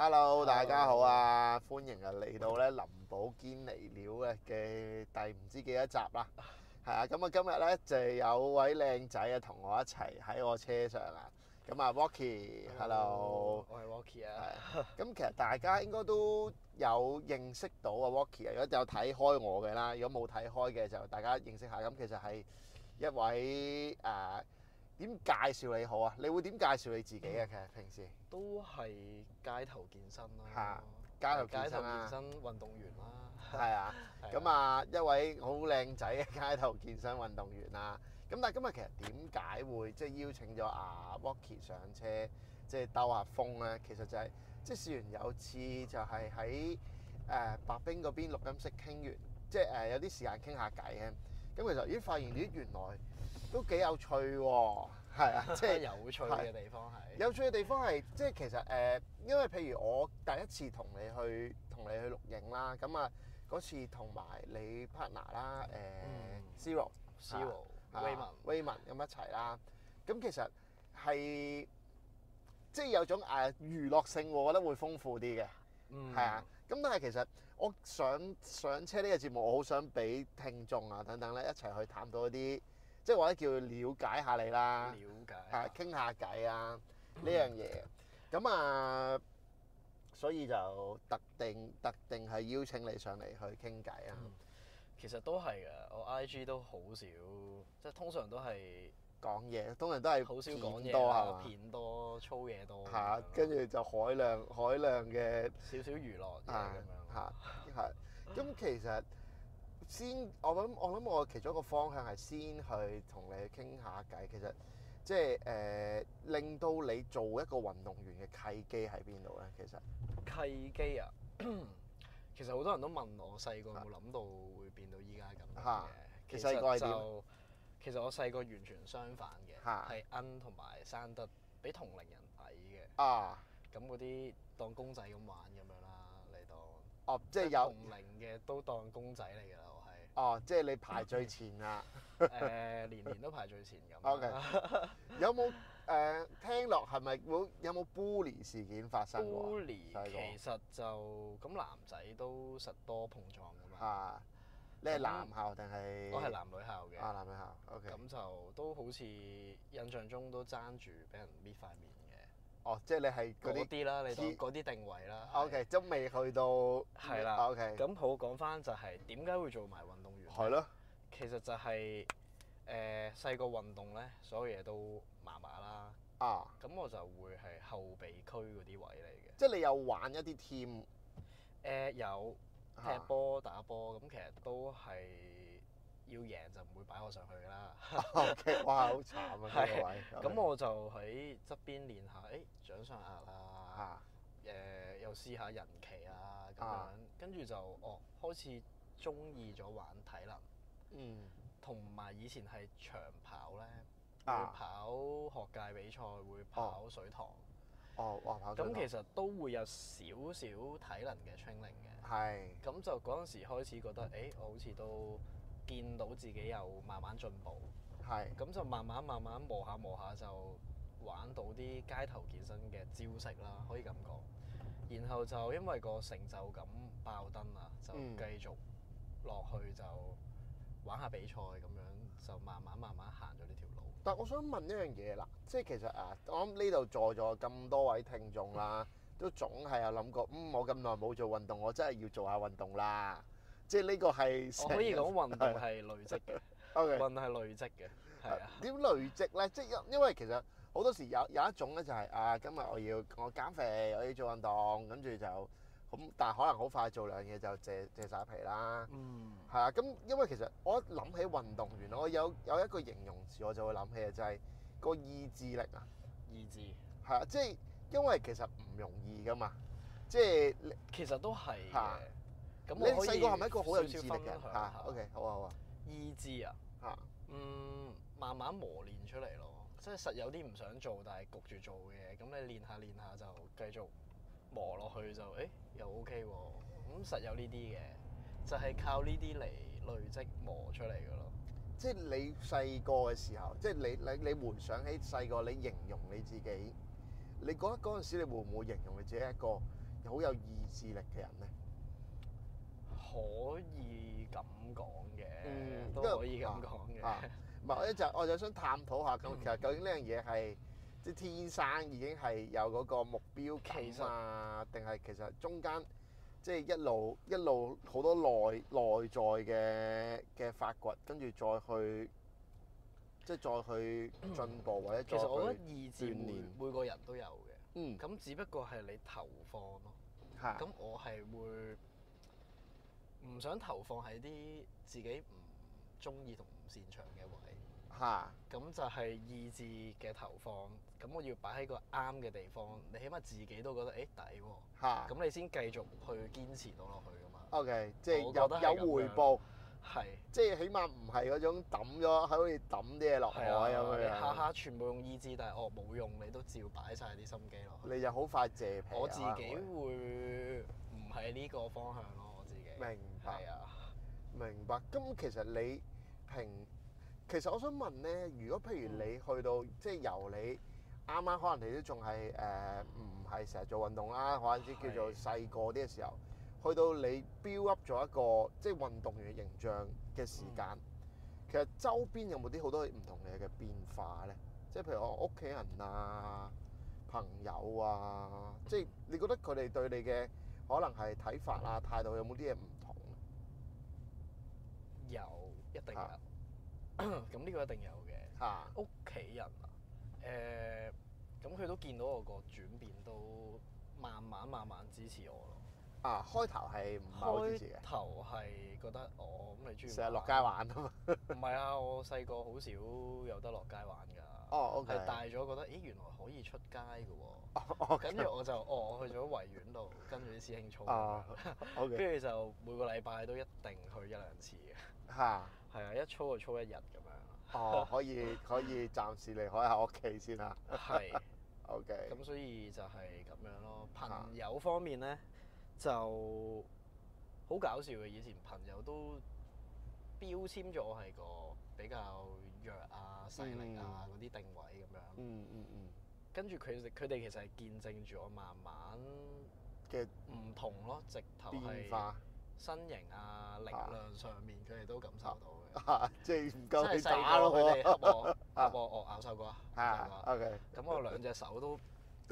Hello，Hello. 大家好啊，歡迎啊嚟到咧林寶堅嚟料嘅第唔知幾多集啦，係啊，咁啊今日咧就有位靚仔啊同我一齊喺我車上啊，咁啊，Rocky，Hello，我係 Rocky 啊，咁其實大家應該都有認識到啊 Rocky 啊，如果有睇開我嘅啦，如果冇睇開嘅就大家認識下，咁其實係一位啊。點介紹你好啊？你會點介紹你自己啊？其實平時都係街頭健身咯、啊，嚇、啊，街頭健身啊，運動員啦，係啊，咁啊一位好靚仔嘅街頭健身運動員啦。咁、啊、但係今日其實點解會即係邀請咗阿 Rocky 上車，即係兜下風咧？其實就係即係試完有次就係喺誒白兵嗰邊錄音室傾完，即係誒有啲時間傾下偈嘅。咁其實咦發現咦原來都幾有趣喎！係啊，即係有趣嘅地方係。有趣嘅地方係即係其實誒、呃，因為譬如我第一次同你去同你去錄影啦，咁、呃嗯、Zero, 啊嗰次同埋你 partner 啦，誒 Zero、Zero、Raymond、Raymond 咁一齊啦，咁其實係即係有種誒、啊、娛樂性，我覺得會豐富啲嘅，係、嗯、啊。咁但係其實我想上車呢個節目，我好想俾聽眾啊等等咧一齊去探討一啲。即係或者叫佢了解下你啦，傾下偈啊呢樣嘢，咁啊，所以就特定特定係邀請你上嚟去傾偈啊。其實都係嘅，我 IG 都好少，即係通常都係講嘢，通常都係片多係嘛，吧片多，粗嘢多，係，跟住就海量海量嘅、嗯、少少娛樂嘅，咁咁其實先，我諗我諗我其中一個方向係先去同你傾下偈。其實即係誒、呃，令到你做一個運動員嘅契機喺邊度咧？其實契機啊， 其實好多人都問我細個有冇諗到會變到依家咁嘅。其實,其實就其實我細個完全相反嘅，係奀同埋生得比同齡人矮嘅。啊，咁嗰啲當公仔咁玩咁樣啦，你當哦、啊，即係有同齡嘅都當公仔嚟㗎。哦，即係你排最前啦，誒年年都排最前咁。OK，有冇誒聽落係咪會有冇 bully 事件發生㗎？bully 其實就咁男仔都實多碰撞㗎嘛。嚇，你係男校定係？我係男女校嘅。啊，男女校。OK。咁就都好似印象中都爭住俾人搣塊面嘅。哦，即係你係嗰啲嗰啲定位啦。OK，都未去到係啦。OK，咁好講翻就係點解會做埋運動？係咯，其實就係誒細個運動咧，所有嘢都麻麻啦。啊！咁我就會係後備區嗰啲位嚟嘅。即係你有玩一啲 team，誒、呃、有踢波、啊、打波，咁其實都係要贏就唔會擺我上去㗎啦。OK，哇，好 慘啊！呢 個位。咁我就喺側邊練下，誒、哎、掌上壓啊，誒、啊啊、又試，試下人旗啊，咁樣跟住、啊啊、就哦開始。中意咗玩體能，嗯，同埋以前係長跑咧，啊、會跑學界比賽，哦、會跑水塘。哦，哇，跑水塘。咁其實都會有少少體能嘅 training 嘅，係是，咁就嗰陣時開始覺得，誒、欸，我好似都見到自己有慢慢進步，係是，咁就慢慢慢慢磨下磨下就玩到啲街頭健身嘅招式啦，可以咁講，然後就因為個成就感爆燈啦，就繼續、嗯。落去就玩下比賽咁樣，就慢慢慢慢行咗呢條路。但我想問一樣嘢啦，即係其實啊，我諗呢度在座咁多位聽眾啦，都總係有諗過，嗯，我咁耐冇做運動，我真係要做下運動啦。即係呢個係可以講運動係累積嘅， Okay. 運動係累積嘅，係啊。點累積咧？即係因因為其實好多時有有一種咧就係、是、啊，今日我要我減肥，我要做運動，跟住就。咁但係可能好快做兩嘢就借借曬皮啦。嗯，係啊。咁因為其實我一諗起運動員，我有有一個形容詞我就會諗起嘅就係個意志力啊。意志。係啊，即係因為其實唔容易噶嘛。即係其實都係。嚇。咁你細個係咪一個好有意志力嘅？嚇。OK，好啊好啊。意志啊。嚇。嗯，慢慢磨練出嚟咯。即係實有啲唔想做，但係焗住做嘅。咁你練下練下就繼續。磨落去就誒、欸、又 O K 喎，咁、嗯、實有呢啲嘅，就係、是、靠呢啲嚟累積磨出嚟嘅咯。即係你細個嘅時候，即係你你你回想起細個，你形容你自己，你覺得嗰陣時你會唔會形容你自己一個好有意志力嘅人咧？可以咁講嘅，嗯、都可以咁講嘅。唔係、啊，我咧就我就想探討下，嗯、其實究竟呢樣嘢係。即天生已經係有嗰個目標嘛、啊？定係其，實其實中間即、即係、一路一路好多內內在嘅嘅發掘，跟住再去即再去進步，或者其實再去鍛鍊。我覺得意志每個人都有嘅，嗯，咁只不過係你投放咯。係、嗯，咁我係會唔想投放喺啲自己唔中意同唔擅長嘅位。嚇、嗯，咁就係意志嘅投放。咁我要擺喺個啱嘅地方，你起碼自己都覺得誒抵喎，咁、欸啊、的你先繼續去堅持到落去噶嘛。OK，即係有得有回報，係的即係起碼唔係嗰種抌咗，喺好似抌啲嘢落海咁樣，下下全部用意志，但係我冇用，你都照擺晒啲心機落去，你就好快謝皮、啊、我自己會唔係呢個方向咯，我自己。明白。係啊的，明白。咁其實你平，其實我想問咧，如果譬如你去到即係、就是、由你。嗯啱啱可能你都仲係誒唔係成日做運動啦，或者叫做細個啲嘅時候，是的 去到你 build up 咗一個即係、就是、運動員嘅形象嘅時間，嗯、其實周邊有冇啲好多唔同嘅變化咧？即係譬如我屋企人啊、朋友啊， 即係你覺得佢哋對你嘅可能係睇法啊、態度有冇啲嘢唔同？有一定有，咁呢個一定有嘅。的啊，屋企人。誒，咁佢、嗯、都見到我個轉變，都慢慢慢慢支持我咯。啊，開頭係唔係好支持嘅？開頭係覺得我咁、哦、你中意成日落街玩啊嘛？唔係啊，我細個好少有得落街玩㗎。哦，O K。係大咗覺得，咦，原來可以出街嘅喎。跟住、oh, okay. 我就，哦，我去咗維園度跟住啲師兄操。跟住、oh, okay. 就每個禮拜都一定去一兩次嘅。嚇。係啊，一操就操一日咁樣。哦，可以可以，暫時離開下屋企先啦。係是 ，OK。咁所以就係咁樣咯。朋友方面咧，就好搞笑嘅。以前朋友都標籤咗我係個比較弱啊、細力啊嗰啲、嗯、定位咁樣。嗯嗯嗯。跟住佢哋，佢、嗯、哋其實係見證住我慢慢嘅唔其實 同咯，直頭係。身形啊，力量上面佢哋都感受到嘅，即係唔夠你打咯，佢哋。啊，細個，我咬手瓜。啊，OK。咁我兩隻手都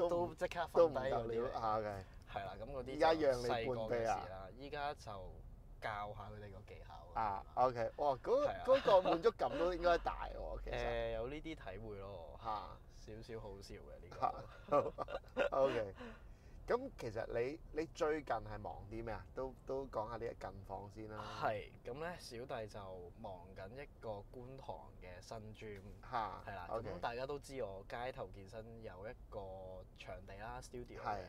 都即刻瞓低嗰啲。都唔夠你咬嘅。係啦，咁嗰啲。依家讓你細個嘅事啦，依家就教下佢哋個技巧。啊，OK。哇，嗰嗰個滿足感都應該大喎，其實。誒，有呢啲體會咯，嚇。少少好笑嘅呢個。OK。咁其實你你最近係忙啲咩啊？都都講下呢啲近況先啦。係，咁咧小弟就忙緊一個觀塘嘅新 gym，係啦。咁大家都知我街頭健身有一個場地啦，studio 嘅是。係。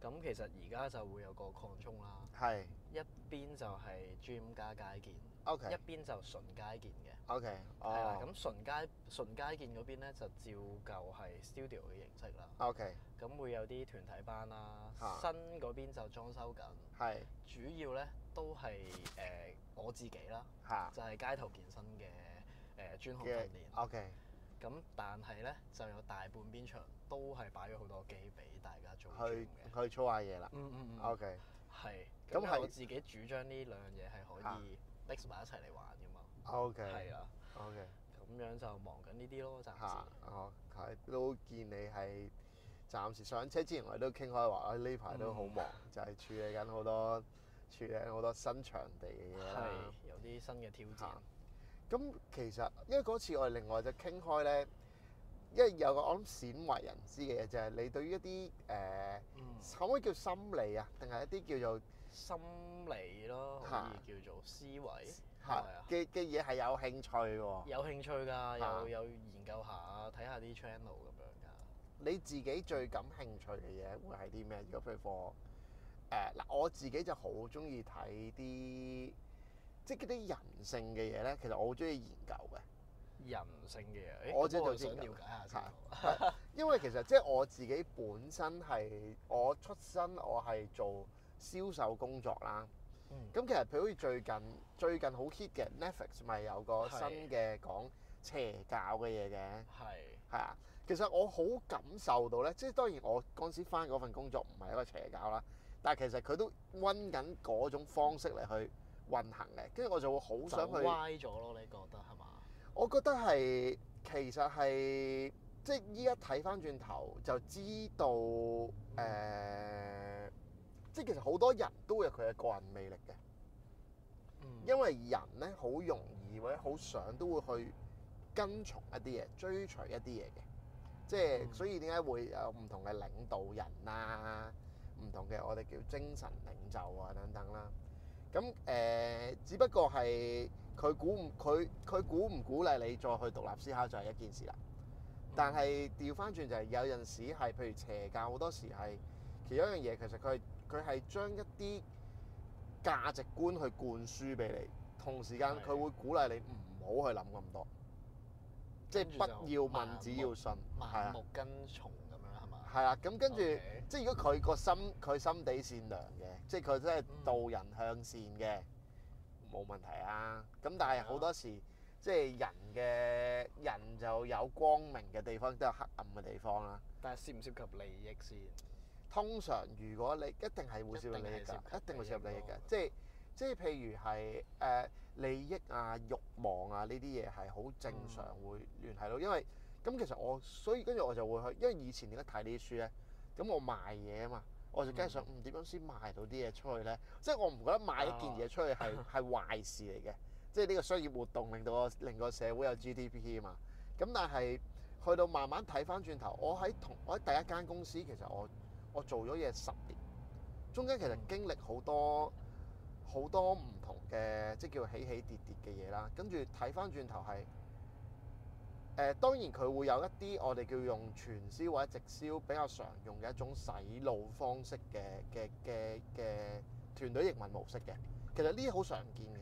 咁其實而家就會有個擴充啦。係是。一邊就係 gym 加街健，Okay. 一邊就純街健嘅。O.K.，係啦，咁純街純街健嗰邊咧就照舊係 studio 嘅形式啦。O.K. 咁會有啲團體班啦。新嗰邊就裝修緊。係。主要咧都係誒我自己啦。嚇。就係街頭健身嘅誒專項訓練。O.K. 咁但係咧就有大半邊場都係擺咗好多機俾大家做。去去操下嘢啦。嗯嗯嗯。O.K. 係。咁係。我自己主張呢兩樣嘢係可以 mix 埋一齊嚟玩。O K，係啦，O K，咁樣就忙緊呢啲咯，暫時。哦，係，都見你係暫時上車之前我，我哋都傾開話，呢排都好忙，嗯、就係處理緊好多處理好多新場地嘅嘢啦。啊啊、有啲新嘅挑戰。咁、啊、其實因為嗰次我哋另外就傾開咧，因為有個我諗鮮為人知嘅嘢就係、是、你對於一啲誒，可、呃、唔、嗯、可以叫心理啊，定係一啲叫做心理咯，可以叫做思維？啊係嘅嘅嘢係有興趣喎，有興趣㗎，有的有研究下睇下啲 channel 咁樣㗎。你自己最感興趣嘅嘢會係啲咩？如果譬如講誒嗱，我自己就好鍾意睇啲即係啲人性嘅嘢咧。其實我好鍾意研究嘅人性嘅嘢，我即係想了解下先。因為其實即係我自己本身係我出身，我係做銷售工作啦。咁、嗯、其實佢好似最近最近好 hit 嘅 Netflix 咪有個新嘅講邪教嘅嘢嘅，係係啊，其實我好感受到咧，即係當然我嗰陣時返嗰份工作唔係一個邪教啦，但係其實佢都溫緊嗰種方式嚟去運行嘅，跟住我就會好想去。歪咗咯，你覺得係嘛？我覺得係其實係即係依家睇返轉頭就知道誒。呃嗯即係其實好多人都有佢嘅個人魅力嘅，嗯、因為人咧好容易或者好想都會去跟從一啲嘢、追隨一啲嘢嘅，即、就、係、是、所以點解會有唔同嘅領導人啦、啊、唔同嘅我哋叫精神領袖啊等等啦、啊。咁誒、呃，只不過係佢鼓唔佢佢鼓唔鼓勵你再去獨立思考就係一件事啦。但係掉返轉就係、是、有陣時係譬如邪教好多時係。其中一樣嘢，其實佢係佢係將一啲價值觀去灌輸俾你，同時間佢會鼓勵你唔好去諗咁多，即係著不要問，只要信，係目啊，盲目跟從咁樣係嘛？係啊，咁跟住 Okay. 即係如果佢個心佢心地善良嘅，即係佢真係導人向善嘅冇、嗯、問題啊。咁但係好多時即係人嘅人就有光明嘅地方，都有黑暗嘅地方啦。但係涉唔涉及利益先？通常如果你一定係會涉及利益㗎，一定會涉及利益㗎。即係即係，譬如係誒、呃、利益啊、慾望啊呢啲嘢係好正常會聯繫到，嗯、因為咁其實我所以跟住我就會去，因為以前點解睇呢啲書咧？咁我賣嘢啊嘛，我就梗係想嗯點樣先賣到啲嘢出去咧？即係我唔覺得賣一件嘢出去係係壞事嚟嘅，即係呢個商業活動令到我令個社會有 GDP 啊嘛。咁但係去到慢慢睇翻轉頭，我喺同我喺第一間公司，公司其實我。我做咗嘢十年，中間其實經歷好多好多唔同嘅，即叫起起跌跌嘅嘢啦。跟住睇返轉頭係，誒、呃、當然佢會有一啲我哋叫用傳銷或者直銷比較常用嘅一種洗腦方式嘅嘅嘅嘅團隊營運模式嘅。其實呢啲好常見嘅。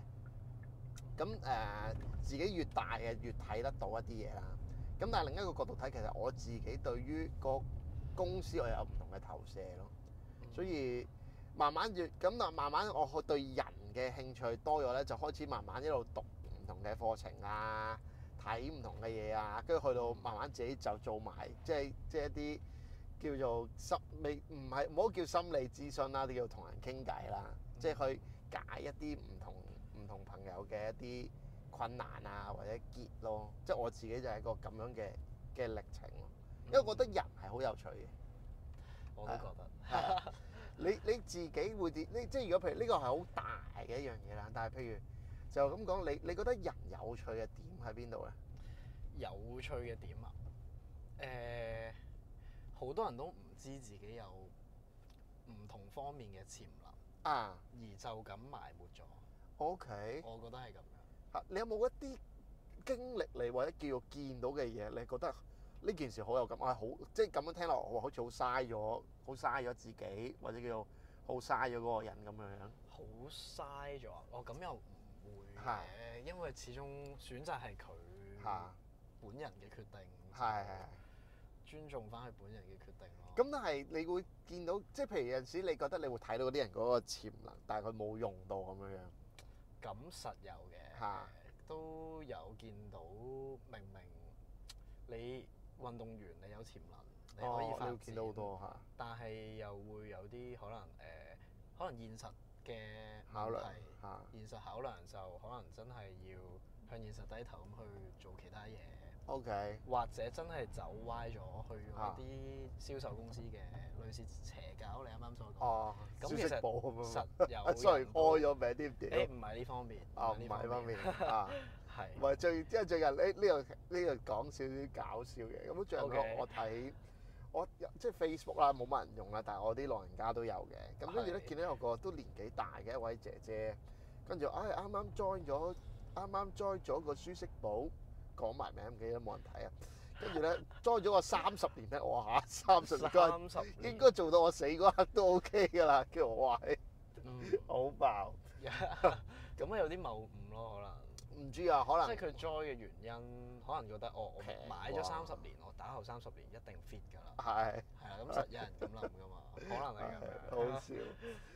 咁誒、呃、自己越大嘅越睇得到一啲嘢啦。咁但係另一個角度睇，其實我自己對於、嗰個公司我有唔同嘅投射咯，嗯、所以慢慢越咁嗱，慢慢我對人嘅興趣多咗咧，就開始慢慢一路讀唔同嘅課程啊，睇唔同嘅嘢啊，跟住去到慢慢自己就做埋即係即係一啲叫做心未唔係唔好叫心理諮詢啦，你叫同人傾偈啦，嗯、即係去解一啲唔同唔同朋友嘅一啲困難啊或者結咯，即係我自己就係一個咁樣嘅嘅歷程咯。因為我覺得人係好有趣嘅，我都覺得。啊、 你你自己會點？呢即係如果譬如呢個係好大嘅一樣嘢啦，但係譬如就咁講，你、嗯、你覺得人有趣嘅點喺邊度咧？有趣嘅點啊？誒、呃，好多人都唔知自己有唔同方面嘅潛能，啊，而就咁埋沒咗。O Okay K，我覺得係咁樣。嚇，你有冇一啲經歷嚟，或者叫做見到嘅嘢，你覺得？呢件事好有感，係、啊、好即係咁樣聽落，好似好嘥咗，好嘥咗自己，或者叫做好嘥咗嗰個人咁樣樣。好嘥咗，哦咁又唔會嘅，的因為始終選擇係佢本人嘅決定，的尊重翻佢本人嘅決定咯。咁的但係你會見到，即係譬如有陣時，你覺得你會睇到嗰啲人嗰個潛能，但係佢冇用到咁樣樣。咁、嗯、實有嘅，的都有見到明明，明明你。你運動員你有潛能，你可以發展，但係又會有啲可能誒，可能現實嘅考量嚇，現實考量就可能真係要向現實低頭咁去做其他嘢。O K，或者真係走歪咗去用一啲銷售公司嘅，類似邪教，你啱啱所講，輸蝕布咁樣，雖然開咗名啲點？誒，唔係呢方面，啊，唔係呢方面啊。唔係最，即係最近呢呢個呢個講少少搞笑嘅咁。最後我我睇我即係 Facebook 啦，冇乜人用啦。但係我啲老人家都有嘅。咁跟住咧見到有個都年紀大嘅一位姐姐，跟住我唉啱啱 join 咗，啱啱 join 咗個舒適寶，講埋名幾都冇人睇啊。跟住咧 join 咗我三十年咧，我嚇三十年，應該做到我死嗰刻都 OK 噶啦。跟住我話：嗯，好爆。咁啊有啲謬誤咯，可能。唔知啊，可能即係佢災嘅原因，可能覺得哦，我買咗三十年，我打後三十年一定 fit 㗎啦。係係啊，咁實有人咁諗㗎嘛，可能係啊。好笑，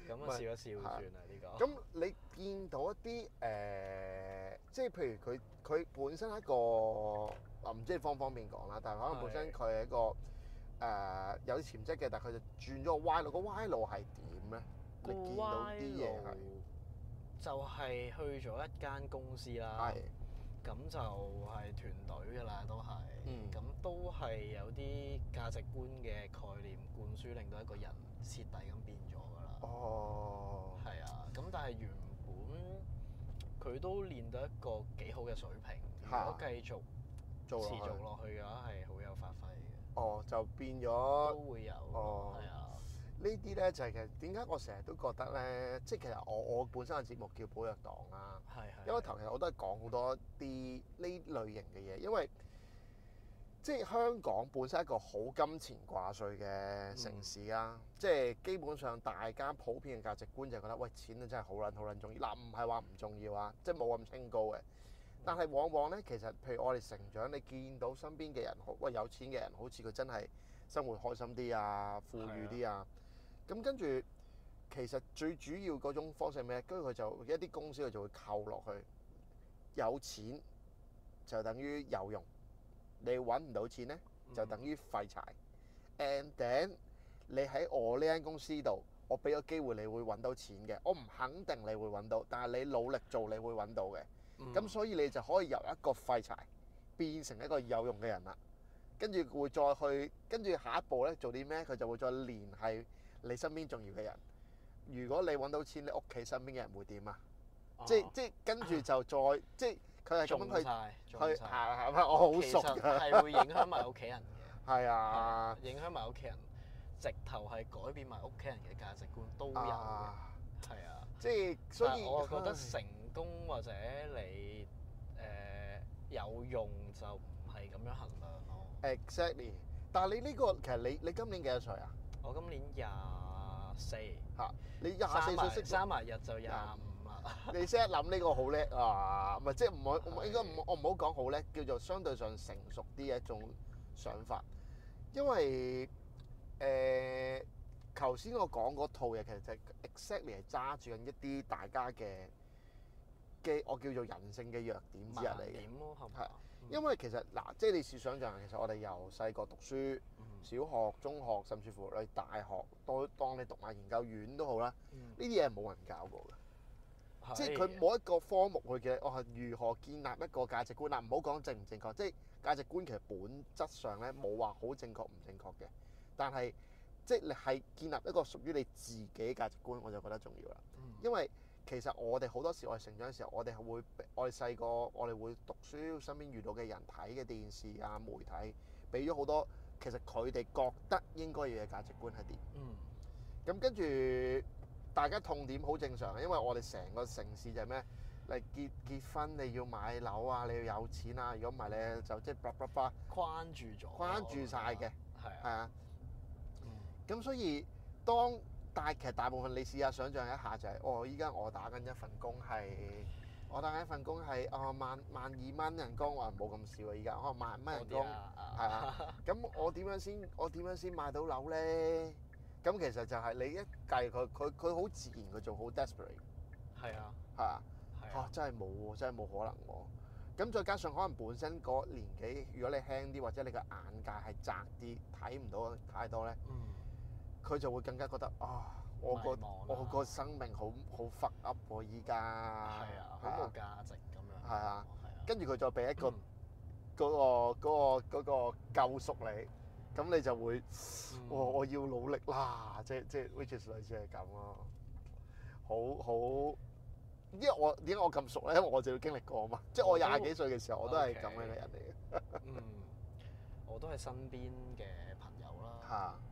咁啊笑一笑算啦呢個。咁你見到一啲誒，即係譬如佢佢本身係一個啊，唔知你方唔方便講啦，但係可能本身佢係一個誒有啲潛質嘅，但係佢就轉咗個歪路，個歪路係點咧？你見到啲嘢就係去咗一間公司啦，咁是就係團隊㗎喇，都係，咁、嗯、都係有啲價值觀嘅概念灌輸，令到一個人徹底咁變咗㗎喇。哦，係啊，咁但係原本佢都練到一個幾好嘅水平，啊、如果繼續持續落去嘅話，係好有發揮嘅。哦，就變咗都會有，哦，係啊。呢啲咧就係、是、其實點解我成日都覺得咧，即係其實我我本身嘅節目叫寶藥黨啊，係係，一開頭其實我都係講好多啲呢類型嘅嘢，因為即係香港本身一個好金錢掛帥嘅城市啊，嗯、即係基本上大家普遍嘅價值觀就係覺得喂錢咧真係好撚好撚重要，嗱唔係話唔重要啊，即係冇咁清高嘅，但係往往咧其實譬如我哋成長，你見到身邊嘅人，喂有錢嘅人好似佢真係生活開心啲啊，富裕啲啊。咁跟住，其實最主要嗰種方式係咩咧？跟住佢就一啲公司佢就會扣落去，有錢就等於有用，你揾唔到錢咧就等於廢柴。And then 你喺我呢間公司度，我俾個機會你會揾到錢嘅。我唔肯定你會揾到，但係你努力做，你會揾到嘅。咁、mm. 所以你就可以由一個廢柴變成一個有用嘅人啦。跟住會再去跟住下一步咧做啲咩？佢就會再聯繫。你身邊重要嘅人，如果你揾到錢，你屋企身邊嘅人會點、哦、啊？即即跟住就再即佢係咁佢佢係係我好熟嘅係會影響埋屋企人嘅係 啊影響埋屋企人直頭係改變埋屋企人嘅價值觀都有嘅係啊，啊即所以我覺得成功或者你誒、呃、有用就唔係咁樣衡量咯。哦、Exactly，但係你呢、呢個其實你你今年幾多歲啊？我今年廿四嚇，你廿四歲識三廿日，日就廿五 啊！你先一諗呢個好叻啊，唔係即係唔好唔應該唔我唔好講好咧，叫做相對上成熟啲嘅一種想法，因為誒，頭、呃、先我講嗰套嘢其實就 exactly 係揸住緊一啲大家嘅嘅我叫做人性嘅弱點之日嚟嘅。因為其實嗱、啊，即係你試想像，其實我哋由細個讀書，小學、中學，甚至乎你大學，當當你讀埋研究院都好啦，呢啲嘢冇人教過嘅，的即係佢冇一個科目去嘅，我係如何建立一個價值觀嗱，唔好講正唔正確，即係價值觀其實本質上咧冇話好正確唔正確嘅，但係即係你係建立一個屬於你自己價值觀，我就覺得重要啦，因為，其實我哋好多時我哋成長嘅時候，我哋係會俾我哋細個，我哋會,會讀書，身邊遇到嘅人睇嘅電視啊、媒體，俾咗好多其實佢哋覺得應該要嘅價值觀係點？嗯。咁跟住大家痛點好正常嘅，因為我哋成個城市就係咩？你結結婚你要買樓啊，你要有錢啊，如果唔係咧就即係卜卜卜。框住咗。框住晒嘅。係啊。咁所以當但係其實大部分你試下想像一下就係，是，我依家我打緊一份工係，我打緊一份工係啊、哦、萬萬二蚊人工，哦啊哦、萬萬人工我話冇咁少喎依家，我萬蚊人工係嘛？咁我點樣先我點樣先買到樓咧？咁其實就係你一計佢佢佢好自然佢仲好 desperate，係啊，係啊，嚇真係冇喎，真係冇可能喎。咁再加上可能本身嗰年紀，如果你輕啲或者你個眼界係窄啲，睇唔到太多咧。嗯佢就會更加覺得啊，我個我個生命好好 fuck up 喎，依家好冇價值咁樣。係啊，跟住佢再俾一個嗰個嗰個嗰個救贖你，咁你就會我我要努力啦，即即 which is 類似係咁咯。好好，因為我點解我咁熟咧？因為我就要經歷過啊嘛。即我廿幾歲嘅時候我都係咁樣嘅人嚟嘅。嗯，我都係身邊嘅朋友啦。嚇～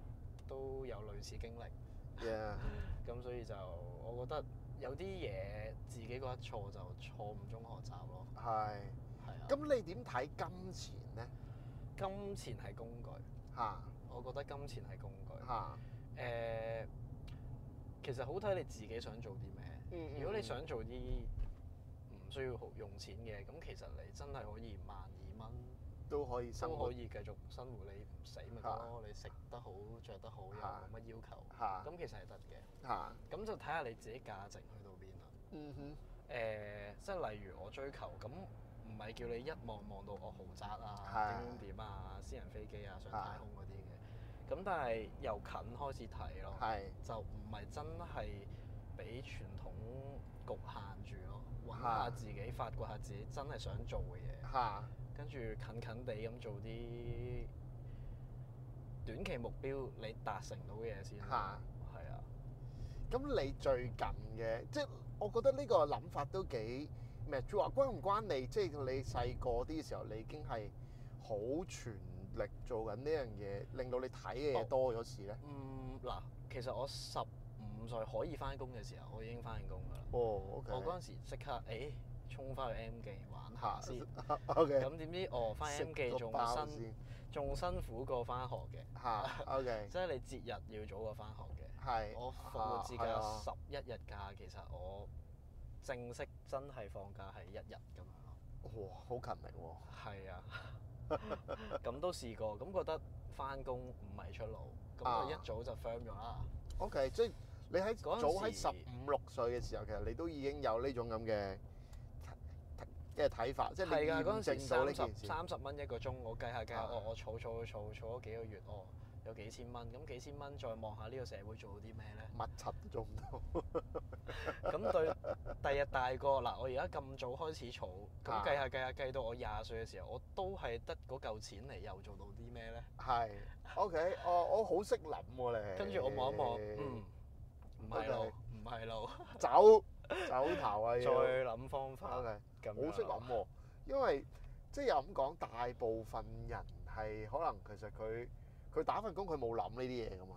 都有類似經歷，咁 Yeah.、嗯、所以就我覺得有啲嘢自己覺得錯就錯誤中學習咯。係是，係、啊。咁你點睇金錢呢？金錢係工具嚇，啊、我覺得金錢係工具嚇。誒、啊呃，其實好睇你自己想做啲咩。嗯嗯，如果你想做啲唔需要用錢嘅，咁其實你真係可以慢。都可以都可以繼續生活，啊、你唔死咪得咯。你食得好，着得好，又冇乜要求，咁、啊、其實係得嘅。咁、啊、就睇下你自己價值去到邊啦。誒、嗯哼呃，即係例如我追求咁，唔係叫你一望望到我豪宅啊、點、啊、點啊、私人飛機啊、上太空嗰啲嘅。咁、啊、但係由近開始睇咯，啊、就唔係真係俾傳統局限住咯，揾下自己，發掘下自己真係想做嘅嘢。跟住近近地咁做啲短期目標，你達成到嘅嘢先。嚇！係啊。咁、啊、你最近嘅，即係我覺得呢個諗法都幾，唔係咩話關唔關你？即係你細個啲嘅時候，你已經係好全力做緊呢樣嘢，令到你睇嘅嘢多咗次咧。嗯，嗱，其實我十五歲可以翻工嘅時候，我已經翻緊工㗎啦。哦，O K。Okay、我嗰陣時即刻，誒、哎。衝翻去 M 記玩下先，OK。咁點知哦，翻 M 記仲辛仲辛苦過翻學嘅吓，OK。即係你節日要早過翻學嘅係。我放個節假十一日假，其實我正式真係放假係一日咁樣。哇！好勤力喎。係啊，咁都試過咁覺得翻工唔係出路，咁我一早就 firm 咗啦。OK，即係你喺早喺十五六歲嘅時候，其實你都已經有呢種咁嘅。即係睇法，的即係驗證到呢件事。三十，三十蚊一個鐘，我計下計下，我的我儲儲儲儲咗幾個月，我有幾千蚊。咁幾千蚊再望下呢個社會做到啲咩咧？物質都做唔到。咁 對，第日，日大個啦，我而家咁早開始儲，咁的計下計下計，算計到我廿歲嘅時候，我都係得嗰嚿錢嚟，又做到啲咩咧？係。Okay，我我好識諗喎你。跟住我望一望，嗯，唔係路，唔係路，走走頭啊！ 再諗方法。Okay. 好識諗喎，因為即係又咁講，大部分人係可能其實佢佢打份工，佢冇諗呢啲嘢噶嘛。的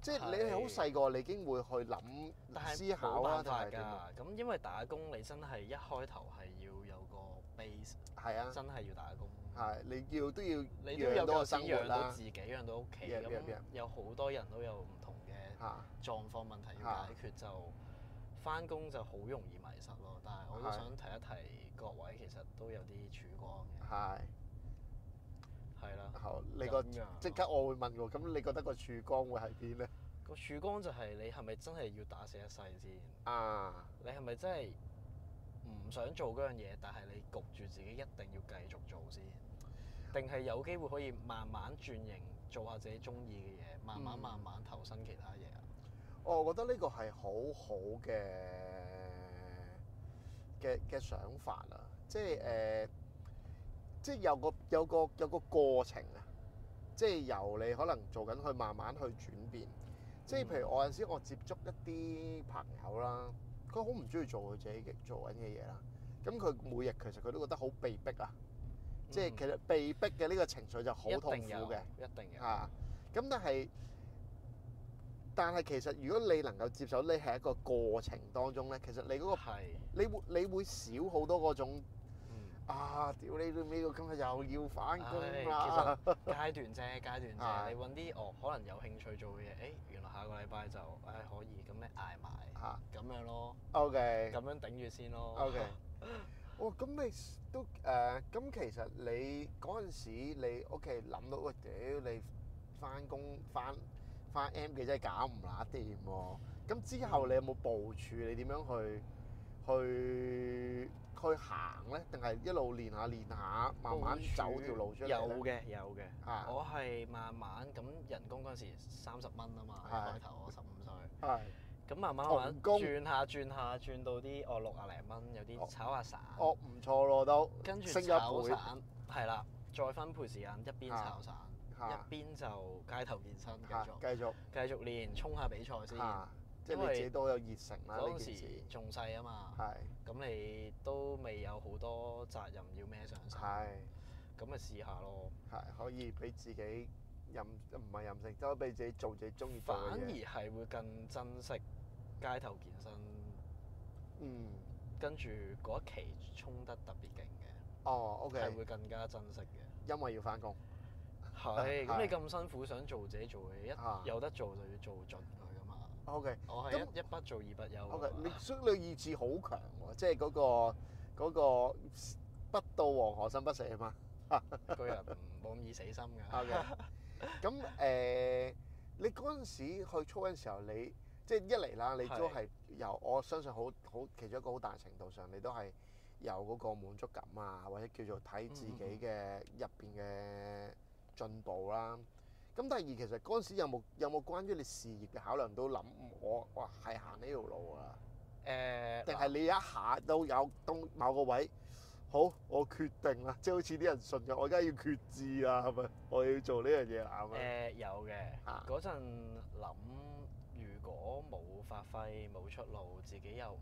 即係你係好細個，你已經會去諗思考啦。大家咁，因為打工你真係一開頭係要有個 base，係啊的，真係要打工。係，你要都要你有個生活，養到自己，養到屋企咁樣。有好多人都有唔同嘅狀況問題要解決就。翻工就好容易迷失咯，但係我都想提一提各位，的其實都有啲曙光嘅。係的，係啦了。好你覺，即刻，我會問喎，咁你覺得個曙光會係邊咧？個曙光就係你係咪真係要打死一世先？啊！你係咪真係唔想做嗰樣嘢，但係你焗住自己一定要繼續做先？定係有機會可以慢慢轉型，做下自己中意嘅嘢，慢慢慢慢投身其他嘢啊？嗯我覺得呢個係好好嘅嘅嘅想法啦，即係誒、呃，即係有個有個有個過程啊，即係由你可能做緊去慢慢去轉變，即係譬如我有陣時我接觸一啲朋友啦，佢好唔中意做佢自己做緊嘅嘢啦，咁佢每日其實佢都覺得好被逼啊，即係其實被逼嘅呢個情緒就好痛苦嘅，一定有吓，咁、啊、但係。但係其實，如果你能夠接受呢係一個過程當中咧，其實你嗰、那個的你會你會少好多嗰種、嗯、啊！屌你呢個，今日又要返工、啊、其實。階段啫，階段啫，你揾啲哦，可能有興趣做嘅嘢，誒、哎，原來下個禮拜就誒、哎、可以咁樣捱埋嚇，咁的樣咯。OK，咁樣頂住先咯。OK、 哦。哇、哦，咁你都誒？咁、呃、其實你嗰陣時你屋企諗到喂，屌你返工返。翻 M 嘅真係搞唔乸掂喎，咁之後你有冇部署？你點樣去去、嗯、去行咧？定係一路練下練下，慢慢走條路出嚟咧？有嘅，有嘅。我係慢慢咁，人工嗰陣時三十蚊啊嘛，開頭我十五歲。係。咁慢慢揾，轉下轉下轉到啲我六啊零蚊，有啲炒下散。哦，唔錯咯，都。跟住識炒散。係啦，再分配時間一邊炒散。一邊就街頭健身，繼續繼續繼續練，衝下比賽先。因為自己都有熱誠啦，當時仲細啊嘛。係。咁你都未有好多責任要孭上身。係。咁咪試下咯。係可以俾自己任唔係任性，都俾自己做自己中意做嘅嘢。反而係會更珍惜街頭健身。嗯。跟住嗰一期衝得特別勁嘅。哦，OK。係會更加珍惜嘅。因為要翻工。係，咁你咁辛苦想做自己做嘢，一有得做就要做盡佢㗎嘛。O.K. 我係一不做二不休。O.K. 你你意志好強喎，即係嗰個嗰、嗯嗰個不到黃河心不死嘛。個 人唔冇咁易死心㗎。O.K. 咁誒、呃，你嗰陣時去操嘅時候，你即係、即係、一嚟啦，你都係由我相信好好其中一個好大程度上，你都係有嗰個滿足感啊，或者叫做睇自己嘅入邊嘅。嗯進步啦，咁第二，其實嗰陣時有冇有冇關於你事業嘅考量都諗，我哇係行呢條路啊。誒、呃，定係你一下都有到某個位，好，我決定啦，即係好似啲人信嘅，我而家要決志啊，係咪？我要做呢樣嘢啦。誒、呃，有嘅，嗰陣諗，如果冇發揮、冇出路、自己又唔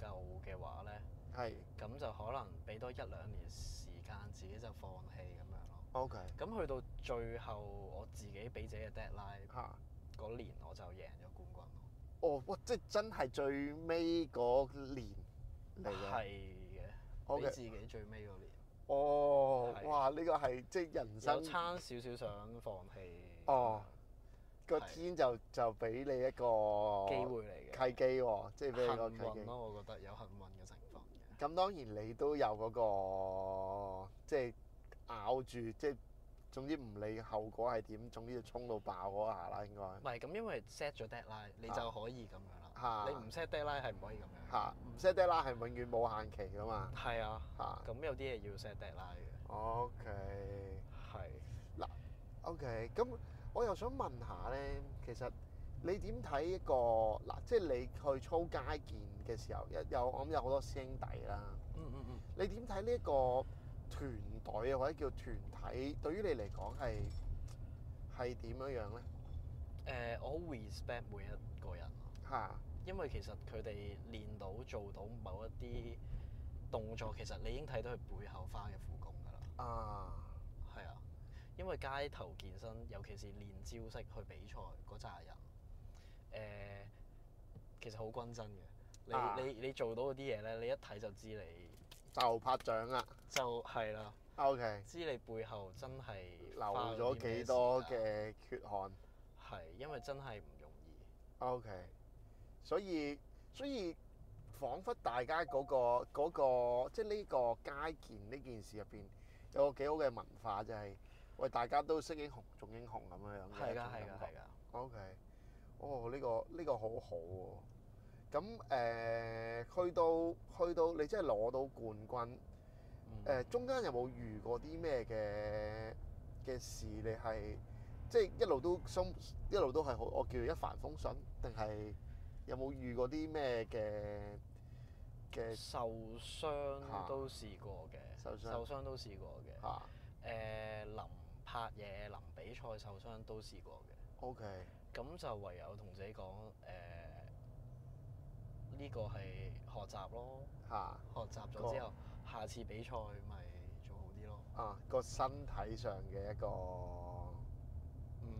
夠嘅話咧，係，咁就可能俾多一兩年時間自己就放棄咁。OK，咁去到最後，我自己俾自己嘅 deadline 嗰年，我就贏咗冠軍咯。哦，哇！即係真係最尾嗰年嚟嘅。係嘅，我自己最尾嗰年。哦，哇！呢個係即係人生有差少少想放棄。哦，個天就就俾你一個機會嚟嘅契機喎，即係俾你個契機。幸運咯，我覺得有幸運嘅情況。咁當然你都有嗰個即係。咬住即係總之唔理後果係點，總之就衝到爆嗰下啦。應該唔係咁，因為 set 咗 deadline，你就可以咁樣啦。嚇、啊！你唔 set deadline 係唔可以咁樣。嚇、啊！唔 set deadline 係永遠冇限期噶嘛。係啊。嚇、啊！咁有啲嘢要 set deadline 嘅。O K。係。嗱，O K，咁我又想問下咧，其實你點睇一個嗱，即係你去操街健嘅時候，有有我諗有好多師兄弟啦。嗯嗯嗯。你點睇呢一個團？隊啊，或者叫團體，對於你嚟講係係點樣樣咧？誒、呃，我 respect 每一個人，嚇、啊，因為其實佢哋練到做到某一啲動作，其實你已經睇到佢背後花嘅苦功㗎喇。啊，係啊，因為街頭健身，尤其是練招式去比賽嗰扎人，誒、呃，其實好均真嘅。你、啊、你你，你做到嗰啲嘢咧，你一睇就知你、啊、就拍掌啦、啊，就係啦。O.K. 知你背後真係流咗幾多嘅血汗，係因為真係唔容易。O.K. 所以所以仿佛大家嗰、那個嗰、那個即係呢個街健呢件事入邊有個幾好嘅文化就係、是、喂大家都識英雄重英雄咁樣樣嘅係噶係噶係噶。O.K. 哦呢、這個呢、這個好好、啊、喎。咁誒、呃、去到去到你真係攞到冠軍。誒中間有冇遇過啲咩嘅嘅事？你係即係一路都心一路都係好，我叫一帆風順，定係有冇遇過啲咩嘅嘅？受傷都試過嘅，受傷受傷都試過嘅。嚇、啊！誒、呃、臨拍嘢、臨比賽受傷都試過嘅。O.K. 咁就唯有同自己講誒，呢、呃呢個係學習咯。嚇、啊！學習咗之後。那個下次比賽咪做好啲咯。啊，個身體上嘅一個，嗯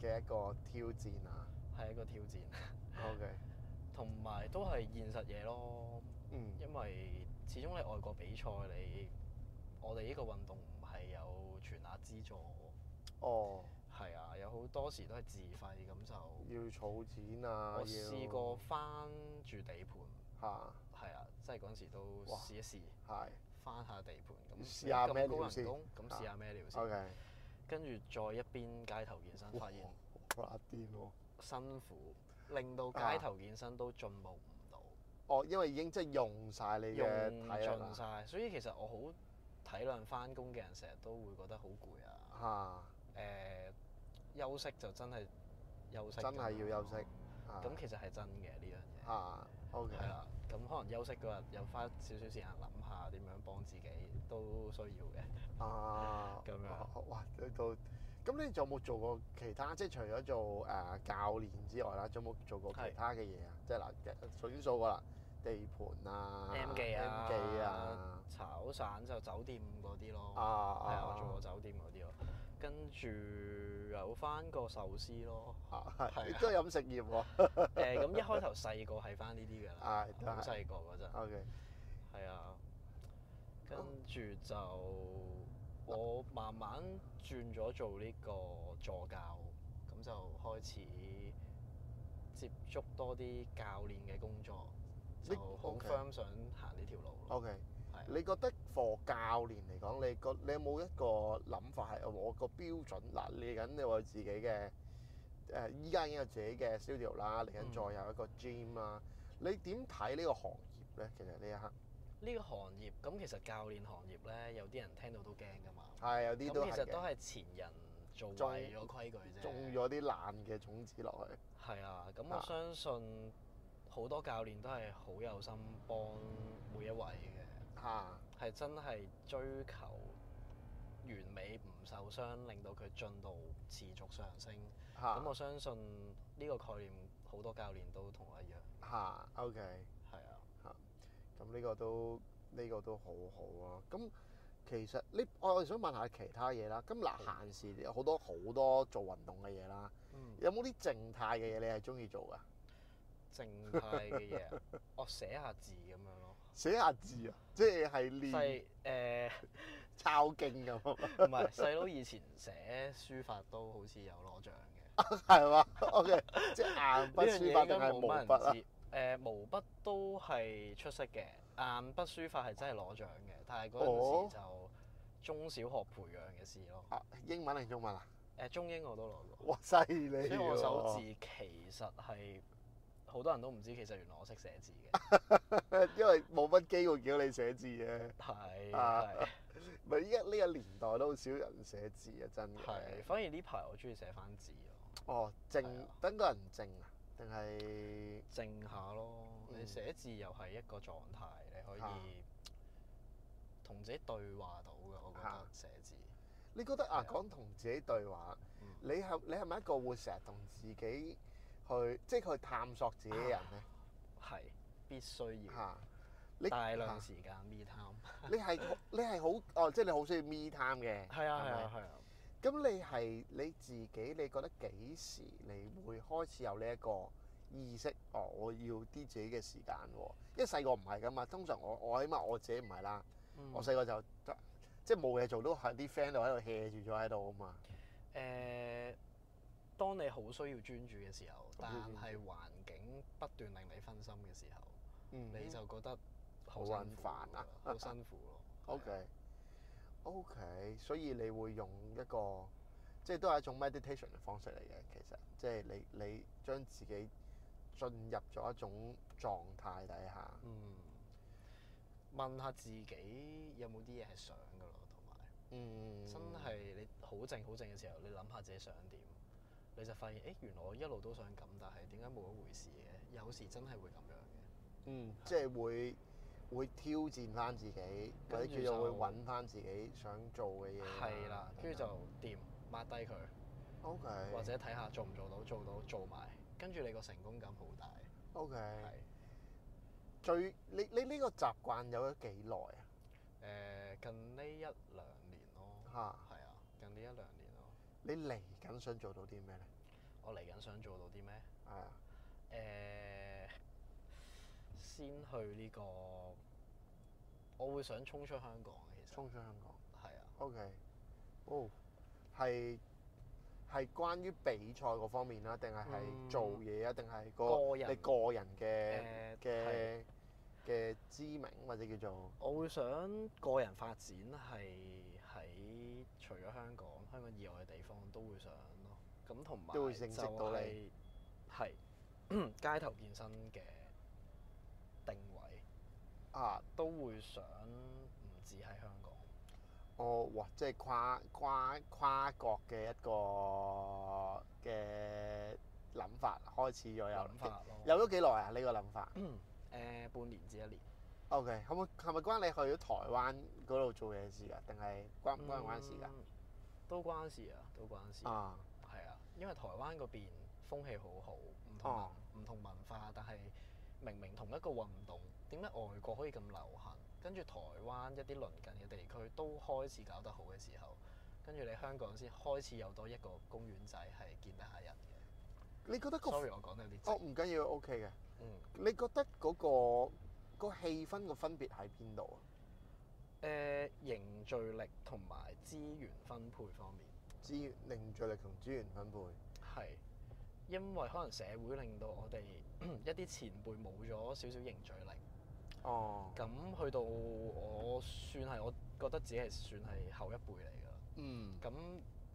嘅一個挑戰啊，係一個挑戰。OK，同埋都係現實嘢咯。嗯，因為始終你外國比賽，你我哋呢個運動唔係有全額資助。哦。係啊，有好多時都係自費，咁就要儲錢啊。我試過返住地盤吓。即係嗰陣時都試一試，翻下地盤咁咁高人工，咁試下咩料先？OK。跟住再一邊街頭健身，發現辛苦令到街頭健身都進步唔到。哦，因為已經即係用晒你嘅體力啦。用盡晒。所以其實我好體諒翻工嘅人，成日都會覺得好攰啊。嚇！誒，休息就真係休息。真係要休息。咁其實係真嘅呢樣嘢。嚇！O K，係啦，咁 Okay.、嗯、可能休息嗰日有花少少時間諗下點樣幫自己都需要嘅。啊，咁 樣哇，哇，呢度，咁你仲有冇做過其他？即係除咗做誒、呃、教練之外啦，仲有冇做過其他嘅嘢啊？對即係嗱，首先數一數㗎啦，地盤啊，M 記啊，炒散就酒店嗰啲咯，係啊，啊，啊， 我做過酒店嗰啲咯。跟住有翻個壽司咯，啊啊、都係飲食業喎。咁一開頭細個係翻呢啲㗎啦，好細個嗰陣。O K，係啊， 欸、啊跟住就我慢慢轉咗做呢個助教，咁就開始接觸多啲教練嘅工作，啊啊啊、就好想行呢條路。O K。你覺得 for 教練嚟講，你個你有冇一個諗法係我個標準？嗱，你緊有自己嘅誒，依、呃、家已經有自己嘅 studio 啦，嚟緊再有一個 gym 啦、嗯。你點睇呢個行業咧？其實呢一刻呢個行業咁，其實教練行業咧，有啲人聽到都驚㗎嘛。係有啲都其實都係前人做壞咗規矩啫，種咗啲爛嘅種子落去。係啊，咁我相信好多教練都係好有心幫每一位。啊，係真係追求完美唔受傷，令到佢進度持續上升。咁、啊、我相信呢個概念好多教練都同我一樣。吓，O K，係啊。吓、okay，咁呢、啊啊、個都呢、呢個都好好啊。咁其實你我我想問下其他嘢啦。咁嗱，閒時有好多好多做運動嘅嘢啦。嗯、有冇啲靜態嘅嘢你係中意做噶？靜態嘅嘢，我寫、 哦、下字咁樣。寫下字啊，即係練誒、呃、抄經咁。唔係細佬以前寫書法都好似有攞獎嘅，係嘛？O K，即係硬筆書法定係毛筆啊？誒、呃、毛筆都係出色嘅，硬筆書法係真係攞獎嘅，但係嗰陣時就中小學培養嘅事咯、哦啊。英文定中文啊？誒中英我都攞過。哇，犀利！所以我手字其實係。好多人都唔知，其實原來我識寫字嘅，因為冇乜機會叫你寫字嘅。係，唔係依家呢個年代都好少人寫字啊，真係。反而呢排我中意寫翻字啊。哦，靜，等個人靜啊，定係靜下咯。你寫字又係一個狀態，你可以同自己對話到嘅，我覺得寫字。你覺得啊，講同自己對話，你係你係咪一個會成日同自己？即去即係佢探索自己嘅人咧，係、啊、必須要、啊、大量時間、啊、me time 你係你係好哦，即、就、係、是、你好需要 me time 嘅。係啊係啊係啊。咁吧吧你係你自己，你覺得幾時你會開始有呢一個意識？哦，我要啲自己嘅時間喎。因為細個唔係㗎嘛，通常我我起碼我自己唔係啦。嗯、我細個就，就即係冇嘢做都喺啲 friend 度喺度 hea 住咗喺度啊嘛。誒。嗯當你好需要專注嘅時候，但係環境不斷令你分心嘅時候，嗯、哼你就覺得好揾煩啊，好辛苦咯。OK OK，所以你會用一個即係都係一種 meditation 嘅方式嚟嘅。其實即係你你將自己進入咗一種狀態底下，嗯、問下自己有冇啲嘢係想㗎咯，同埋、嗯、真係你好靜好靜嘅時候，你諗下自己想點。你就發現，誒原來我一路都想咁，但係點解冇一回事嘅？有時真係會咁樣嘅，嗯，即係會會挑戰翻自己，跟住就會揾翻自己想做嘅嘢，係啦，跟住就掂，抹低佢，OK，或者睇下做唔做到，做到做埋，跟住你個成功感好大，OK，係。最你你呢個習慣有咗幾耐啊？誒，近呢一兩年咯，嚇，係啊，近呢一兩年。你嚟緊想做到啲咩咧？我嚟緊想做到啲咩？係啊，誒、呃，先去呢個，我會想衝出香港嘅，其實。衝出香港。係啊。OK。哦。係係關於比賽嗰方面啦，定係係做嘢啊，定係、嗯個，個人，你個人嘅嘅嘅知名或者叫做。我會想個人發展係喺除咗香港。香港以外嘅地方都會想咯，咁同埋都會認識到你係是 街頭健身嘅定位啊，都會想唔止喺香港。哦，哇！即係跨跨跨，跨國嘅一個嘅諗法，開始咗有諗法有咗幾耐啊？呢、呢個諗法誒、嗯呃、半年至一年。O K，係咪係咪關你去咗台灣嗰度做嘢事㗎？定係關唔關你事㗎？嗯都關事啊，都關事。啊，係啊，啊，因為台灣嗰邊風氣好好，唔同唔、哦、同文化，但係明明同一個運動，點解外國可以咁流行，跟住台灣一啲鄰近嘅地區都開始搞得好嘅時候，跟住你香港先開始有多一個公園仔係見得下人嘅。你覺得、嗰個、sorry 我講得有啲哦，唔緊要，OK 嘅。嗯，你覺得嗰、嗰個、嗰個氣氛個分別喺邊度啊？呃、凝聚力同埋資源分配方面，資凝聚力同資源分配，係因為可能社會令到我哋一啲前輩冇咗少少凝聚力，哦，咁去到我算係我覺得自己係算係後一輩嚟㗎，嗯，咁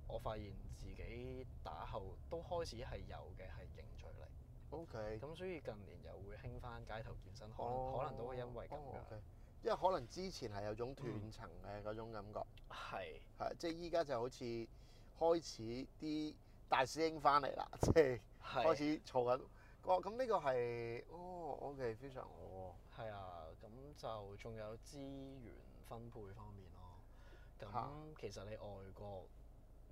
我發現自己打後都開始係有嘅係凝聚力，OK，咁所以近年又會興返街頭健身，哦、可能可能都會因為咁因為可能之前係有種斷層嘅嗰種感覺，係係即係依家就好似開始啲大師兄翻嚟啦，即係係開始坐緊。哦，咁呢個係哦，OK，非常好喎。係啊，咁就仲有資源分配方面咯。咁其實你外國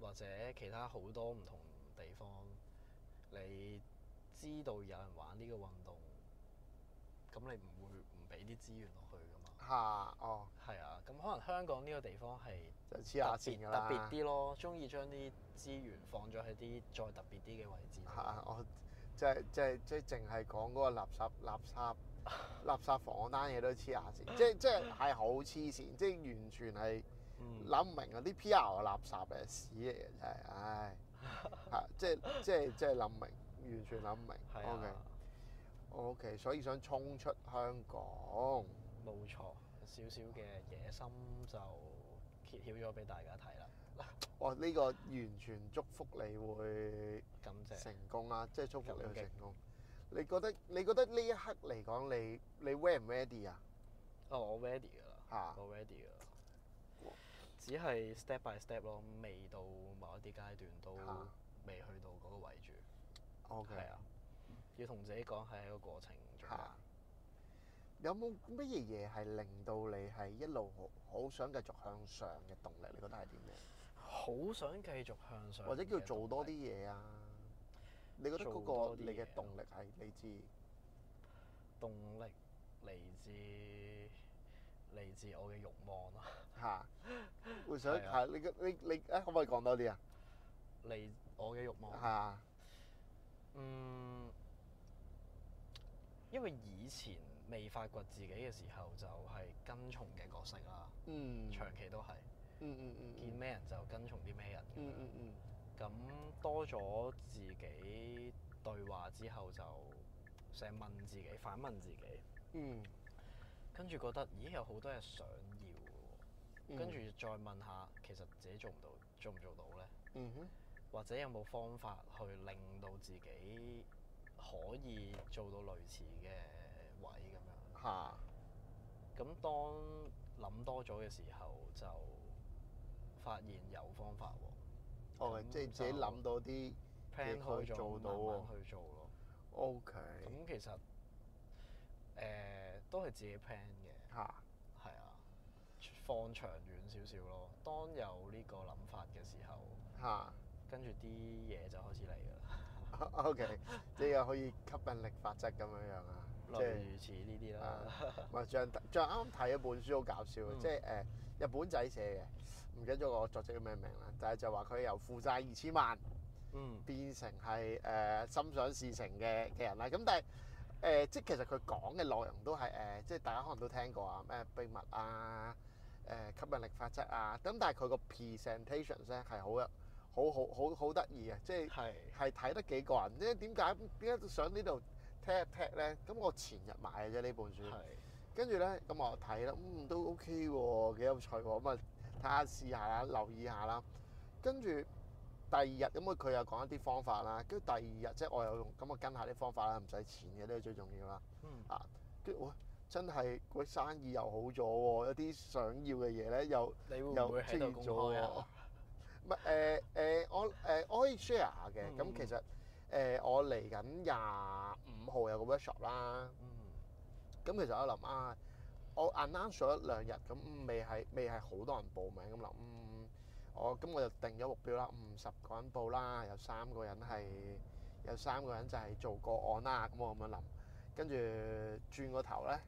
或者其他好多唔同地方，你知道有人玩呢個運動，咁你唔會唔俾啲資源落去。嚇、啊！哦，係啊，咁可能香港呢個地方係特別就黐下線嘅啦，特別啲咯，中意將啲資源放咗喺啲再特別啲嘅位置。嚇、啊！我即係即係即係淨係講嗰個垃圾垃圾垃圾房嗰單嘢都黐下線， 即即係好黐線，即係完全係諗唔明、嗯、啊！啲 P.R. 垃圾嘅屎嚟嘅真係，唉！嚇！即係即係即係諗唔明，完全諗唔明。O.K. O.K. 所以想衝出香港。冇錯，少少嘅野心就揭曉咗俾大家睇啦。哇、哦！呢、呢個完全祝福你會，感謝成功啦，即係祝福你會成功、嗯你。你覺得你覺得呢一刻嚟講你，你你 ready 唔 ready 啊？哦，我 ready 噶啦，啊、我 ready 噶啦。只係 step by step 咯，未到某一啲階段都未去到嗰個位住。OK，係啊，要同自己講係一個過程、啊。有冇乜嘢嘢係令到你係一路好想繼續向上嘅動力？你覺得係點樣？好想繼續向上，或者叫做多啲嘢啊？你覺得嗰個你嘅動力係嚟自，啊，動力嚟自嚟自我嘅欲望咯。吓，啊，我想吓，你你你誒，可唔可以講多啲啊？嚟我嘅欲望係啊，嗯，因為以前。未發掘自己嘅時候，就係、是、跟從嘅角色啦。嗯、長期都係、嗯嗯嗯、見咩人就跟從啲咩人。咁、嗯嗯嗯、多咗自己對話之後，就成日問自己，反問自己。嗯、跟住覺得，咦？有好多嘢想要，嗯、跟住再問下，其實自己做唔到，做唔做到咧？嗯、哼、或者有冇方法去令到自己可以做到類似嘅？位咁樣，嚇、啊，咁當諗多咗嘅時候，就發現有方法喎。哦，即係那就 自己諗到啲 plan 去做到，慢慢去做咯。OK，咁其實誒、呃、都係自己 plan 嘅，嚇、啊，係啊，放長遠少少咯。當有呢個諗法嘅時候，嚇、啊，跟住啲嘢就開始嚟㗎喇。 OK， 即又可以吸引力法則咁樣樣啊。即係、就是、如此呢啲啦，唔係最啱啱睇一本書，好搞笑，即係誒日本仔寫嘅，唔記得咗個作者叫咩名啦，但係就話、是、佢由負債二千萬、嗯、變成係誒、uh, 心想事成嘅嘅人啦。咁但係誒即係其實佢講嘅內容都係誒，即、uh, 係大家可能都聽過啊咩秘密啊誒、uh, 吸引力法則啊。咁但係佢個 presentation 咧係好好好好好得意嘅，即係係睇得幾過癮，因為點解點解上呢度？睇一睇咧，咁我前日買嘅啫呢本書，跟住咧咁我睇啦，嗯都 OK 喎，幾有趣喎，咁啊睇下試下留意下啦。跟住第二日咁佢佢又講一啲方法啦，跟住第二日即係我又用咁啊跟下啲方法啦，唔使錢嘅呢個最重要啦。啊，跟住哇，真係啲生意又好咗喎，一啲想要嘅嘢咧又又出現咗喎。唔係誒誒，我誒、啊、我可以 share 下嘅，咁其實。嗯誒、呃，我嚟緊廿五號有個 workshop 啦。咁、嗯、其實我諗啊，我 announce 咗一兩日，咁未係未係好多人報名咁啦。我、嗯、咁、嗯嗯、我就定咗目標啦。五、嗯、十個人報啦，有三個人係有三個人就係做個案啦。咁我咁樣諗，跟住轉個頭咧，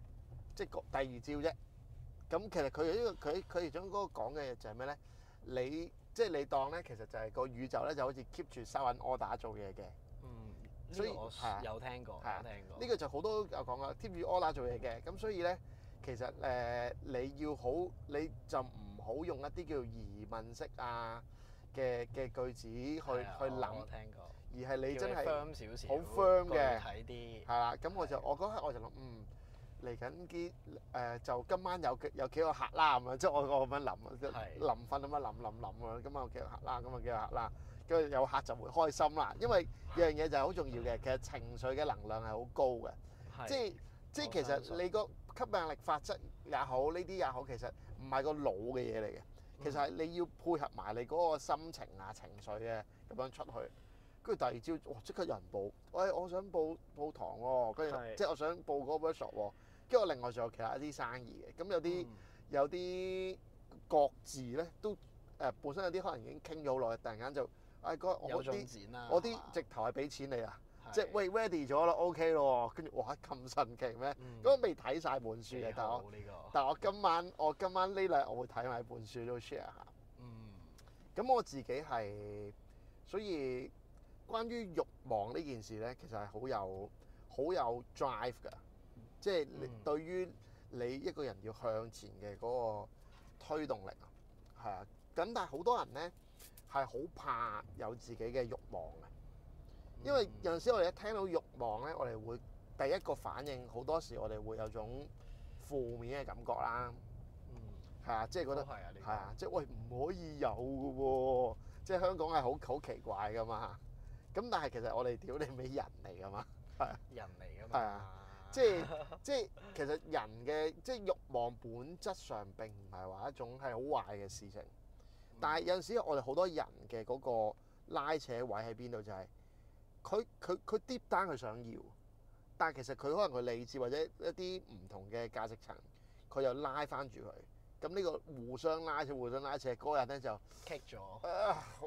即係第二招啫。咁、嗯、其實佢、這個、呢個佢佢而家嗰個講嘅嘢就係咩咧？你即係你當咧，其實就係個宇宙咧，就好似 keep 住收緊 order 做嘢嘅。所以我有聽過，有聽過。呢個就好多有講啦，Tip to order 做嘢嘅，咁所以咧，其實誒你要好，你就唔好用一啲叫疑問式啊嘅嘅句子去去諗。我聽過而係你真係好 firm 嘅，係啦。咁我就我嗰刻我就諗，嗯，嚟緊啲誒，就今晚有幾有幾個客啦咁啊。即係我我咁樣諗，諗瞓咁樣諗諗諗啊。今晚有幾個客啦？咁啊幾個客啦？有客就會開心啦，因為有樣嘢就係好重要嘅。其實情緒嘅能量係好高嘅，是即係即係其實你個吸引力法則也好，呢啲也好，其實唔係個腦嘅嘢嚟嘅，嗯、其實係你要配合埋你嗰個心情啊情緒啊咁樣出去。跟住第二朝哇，即刻有人報，喂、哎，我想報報堂喎、啊，跟住是即係我想報嗰個 workshop 喎、啊。跟住我另外仲有其他一啲生意嘅，咁有啲、嗯、有啲各自咧都誒、呃、本身有啲可能已經傾咗好耐，突然間就。啊、哎、哥，我啲我啲直頭係俾錢你啊！即係喂 ready 咗咯，OK 咯，跟住哇咁神奇咩？咁、嗯、我未睇晒本書嘅，好但係我、這個、但我今晚我今晚呢兩日我會睇埋本書都 share 下。嗯，咁我自己係所以關於慾望呢件事咧，其實係好有好有 drive 噶，即係、嗯、對於你一個人要向前嘅嗰個推動力啊，係啊。咁但係好多人咧。係好怕有自己嘅欲望嘅，因為有陣時我哋一聽到欲望咧，我哋會第一個反應好多時我哋會有種負面嘅感覺啦。嗯，嚇，即係覺得係啊，即係喂唔可以有嘅喎，嗯、即係香港係好好奇怪噶嘛。咁但係其實我哋屌你咪人嚟噶嘛，係啊，人嚟噶嘛，係啊的， 即係即係其實人嘅即係慾望本質上並唔係話一種係好壞嘅事情。但係有陣時，我哋好多人嘅嗰個拉扯位喺邊度就係佢佢佢 deep down 佢想要，但係其實佢可能佢理智或者一啲唔同嘅價值層，佢又拉翻住佢。咁呢個互相拉扯、互相拉扯嗰、嗰個、人咧就棘咗。好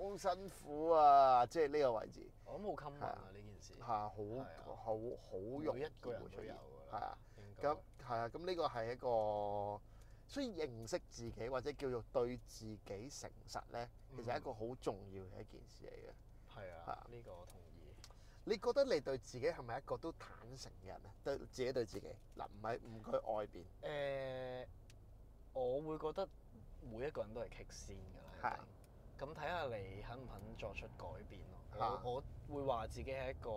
了、呃、辛苦啊！即係呢個位置。我諗好襟啊！呢件事。嚇、啊！好好好用、啊。每一個,出個人都有㗎啦。咁係啊！咁呢個係一個。所以認識自己或者叫做對自己誠實咧，嗯、其實係一個好重要嘅一件事嚟嘅。係啊的，呢的個我同意。你覺得你對自己係咪一個都坦誠嘅人啊？對自己，對自己嗱，唔係唔佢外邊。誒、呃，我會覺得每一個人都係極限㗎啦。係的。咁睇下你肯唔肯作出改變咯的？我我會話自己係一個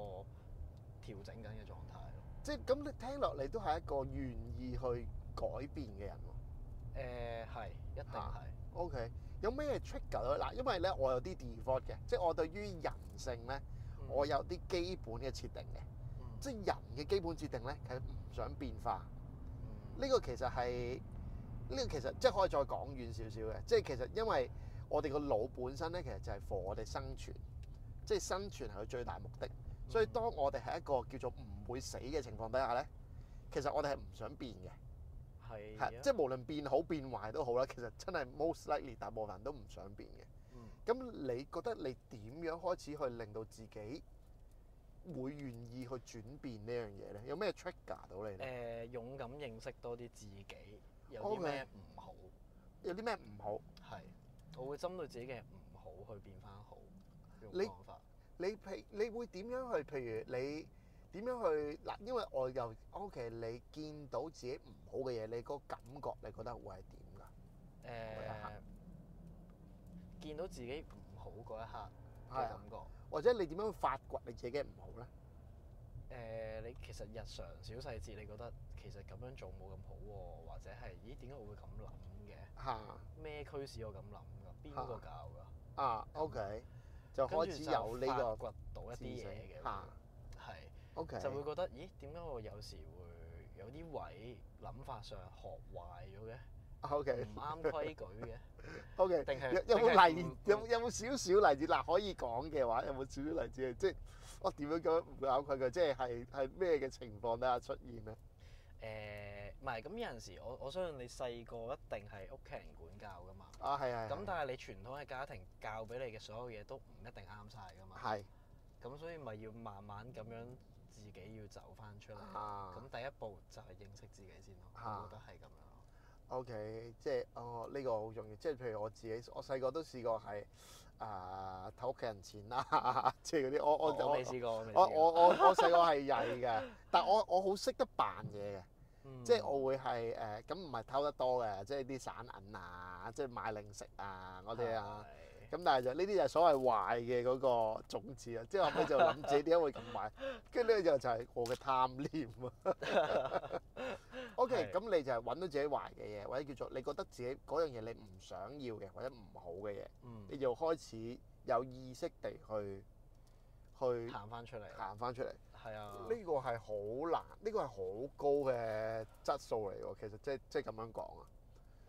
調整緊嘅狀態咯。即係咁，你聽落嚟都係一個願意去改變嘅人。誒係、嗯、一定係 OK，有咩係 trigger 咧？嗱，因為咧我有啲 default 嘅，即係我對於人性咧，嗯、我有啲基本嘅設定嘅，嗯、即係人嘅基本設定咧係唔想變化。呢、嗯、個其實係呢、呢個其實即係可以再講遠少少嘅，即係其實因為我哋個腦本身咧其實就係為我哋生存，即係生存係佢最大目的。嗯、所以當我哋係一個叫做唔會死嘅情況底下咧，其實我哋係唔想變嘅。係，即係無論變好變壞都好啦，其實真係 most likely 大部分人都唔想變嘅。咁、嗯、你覺得你點樣開始去令到自己會願意去轉變呢樣嘢咧？有咩 trigger 到你咧？誒、呃，勇敢認識多啲自己有啲咩唔好，okay. 有啲咩唔好。係，我會針對自己嘅唔好去變翻好你。你你譬如你會點樣去？譬如你。點樣去嗱？因為我又 O K，你見到自己唔好嘅嘢，你個感覺你覺得會係點噶？誒、呃，見到自己唔好嗰一刻嘅感覺、啊。或者你點樣去發掘你自己嘅唔好咧？誒、呃，你其實日常小細節，你覺得其實咁樣做冇咁好喎、啊，或者係咦？點解我會咁諗嘅？嚇、啊！咩驅使我咁諗噶？邊個教噶、啊？啊，O、okay, K，、嗯、就開始有呢個掘到一啲嘢嘅。啊啊 Okay. 就會覺得，咦？點解我有時會有啲位諗法上學壞咗嘅？OK，唔啱規矩嘅。OK，定係是有冇例？有有冇公少少例子嗱？可以講嘅話，有冇少少例子？即係我點樣咁唔會拗佢？規矩？即係係係咩嘅情況底下出現咧？誒、呃，唔係咁，有陣時，我我相信你細個一定係屋企人管教噶嘛。啊，係係。咁但係你傳統嘅家庭教俾你嘅所有嘢都唔一定啱晒噶嘛。係的。咁所以咪要慢慢咁樣。自己要走翻出嚟，咁第一步就係認識自己先咯，啊、我覺得係咁樣。OK，即係哦，呢個好重要。即係譬如我自己，我細個都試過係啊偷屋企人錢啦、啊，即係嗰啲。我我我未試過，我未試過我我我細個係曳嘅， 但係我我好識得扮嘢嘅，嗯、即係我會係誒咁唔係偷得多嘅，即係啲散銀啊，即係買零食啊嗰啲啊。咁但係就呢啲就所謂壞嘅嗰個種子啊，即係後屘就諗自己點解會咁壞，跟住咧就就係我嘅貪念啊。 OK，咁的你就係揾到自己壞嘅嘢，或者叫做你覺得自己嗰樣嘢你唔想要嘅或者唔好嘅嘢，嗯、你就開始有意識地去去行翻出嚟，行翻出嚟。係啊的，呢個係好難，呢、呢個係好高嘅質素嚟㗎。其實即即係咁樣講啊。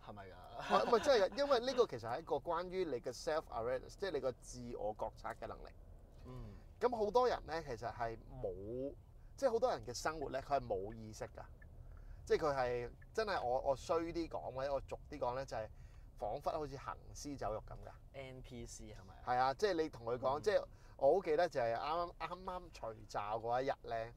係咪噶？唔係，即係、 啊、因為呢個其實係一個關於你嘅 self-awareness，即係你個自我覺察嘅能力。嗯。咁好多人咧，其實係冇，即係好多人嘅生活咧，佢係冇意識㗎。即係佢係真係我我衰啲講或者我俗啲講咧，就係、是、彷彿好似行屍走肉咁㗎。NPC 係咪？係啊，即、就、係、是、你同佢講，即係、嗯、我好記得就係啱啱啱啱除罩嗰一日咧，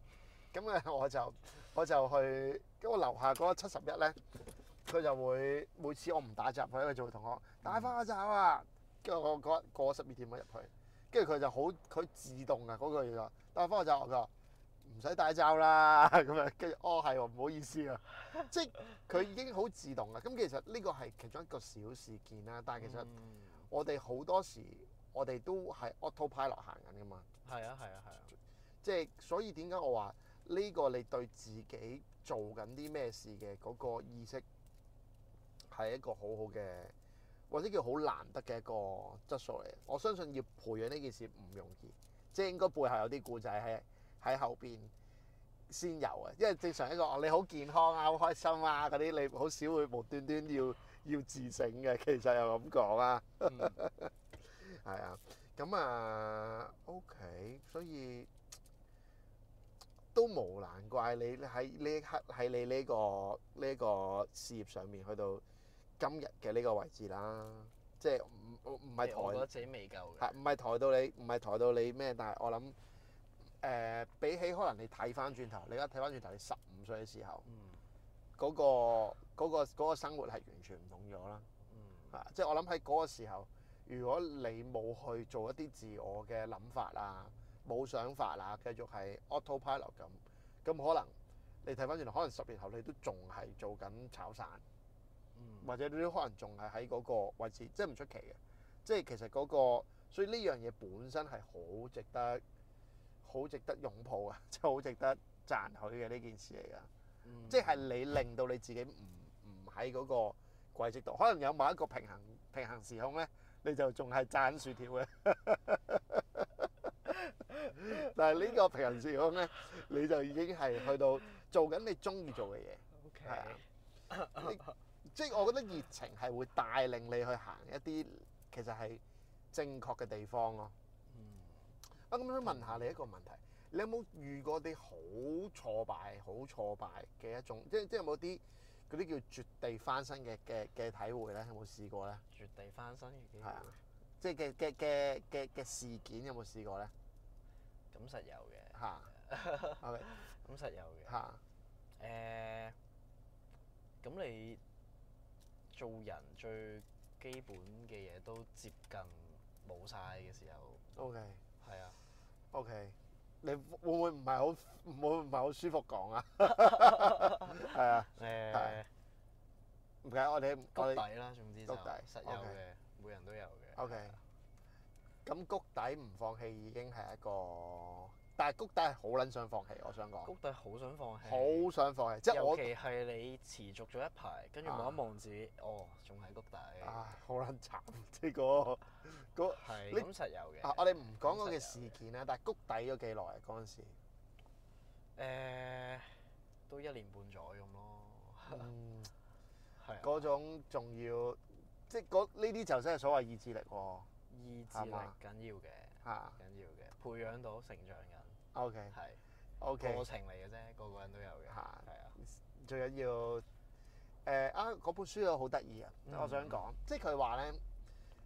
咁啊我就我就去，咁我樓下嗰七十一咧。 佢就會每次我唔戴罩，佢因為做同學戴翻個罩啊。跟住、嗯、我過十二點入去，跟住佢就好，佢自動啊嗰、嗰個原來戴翻個罩。我就唔使戴罩啦，咁樣跟住哦係喎，唔、啊、好意思啊。 即係佢已經好自動嘅。咁其實呢個係其中一個小事件啦。但係其實我哋好多時我哋都係 autopilot 行緊㗎嘛。係啊，係啊，係啊。即係所以點解我話呢、呢個你對自己做緊啲咩事嘅嗰個意識？係一個好好嘅，或者叫好難得嘅一個質素嚟。我相信要培養呢件事唔容易，即係應該背後有啲故仔喺喺後邊先有啊。因為正常一個你好健康啊，好開心啊，嗰啲你好少會無端端要要自省嘅。其實又咁講啊，係啊，咁啊，OK，所以都冇難怪你喺呢一刻喺你呢個呢個事業上面去到。今日嘅呢個位置啦，即係唔唔係抬，我自己未夠嘅，唔係抬到你，唔係抬到你咩？但係我諗，誒、呃、比起可能你睇翻轉頭，你而家睇翻轉頭，你十五歲嘅時候，嗰、嗯嗰個嗰、嗰個嗰個、生活係完全唔同咗啦。嚇、嗯，即係我諗喺嗰個時候，如果你冇去做一啲自我嘅諗法啊，冇想法啊，繼續係 auto pilot 咁，咁可能你睇翻轉頭，可能十年後你都仲係做緊炒散。或者你都可能仲係喺嗰個位置，嗯、即係唔出奇嘅。即係其實嗰、嗰個，所以呢樣嘢本身係好值得、好值得擁抱啊，即係好值得讚許嘅呢件事嚟噶。嗯、即係你令到你自己唔唔喺嗰個軌跡度，可能有某一個平行平行時空咧，你就仲係炸薯條嘅。 但係呢個平行時空咧，你就已經係去到做緊你中意做嘅嘢。o Okay .係啊。即係我覺得熱情係會帶領你去行一啲其實係正確嘅地方咯、啊。嗯，咁我想問下你一個問題，你有冇遇過啲好挫敗、好挫敗嘅一種？即係即係有冇啲嗰啲叫絕地翻身嘅嘅嘅體會咧？有冇試過咧？絕地翻身嘅體、啊、即係嘅嘅嘅嘅嘅事件有冇試過咧？咁實有嘅。嚇、啊！咁實 有嘅。嚇、啊！誒、嗯，咁你？做人最基本嘅嘢都接近冇晒嘅時候，OK，係啊，OK，你會唔會唔係好，會唔係好舒服講啊？係啊，誒，唔緊要，我哋谷底啦，總之谷底實有嘅，每人都有嘅。OK，咁谷底唔放棄已經係一個。但係谷底係好撚想放棄，我想講。谷底好想放棄。好想放棄，即係尤其係你持續咗一排，跟住望一望自己，哦，仲喺谷底。唉，好撚慘，即係個個呢。咁實有嘅。啊，我哋唔講嗰個事件啦，但係谷底咗幾耐啊？嗰陣時。誒，都一年半載咁咯。嗯，係。嗰種仲要，即係嗰呢啲就真係所謂意志力喎。意志力緊要嘅，緊要嘅，培養到成長嘅。O K，係 O K 過程嚟嘅啫，個個人都有嘅。嚇，係啊。最緊要誒啊，嗰、呃、本書都好得意啊！我想講，即係佢話咧，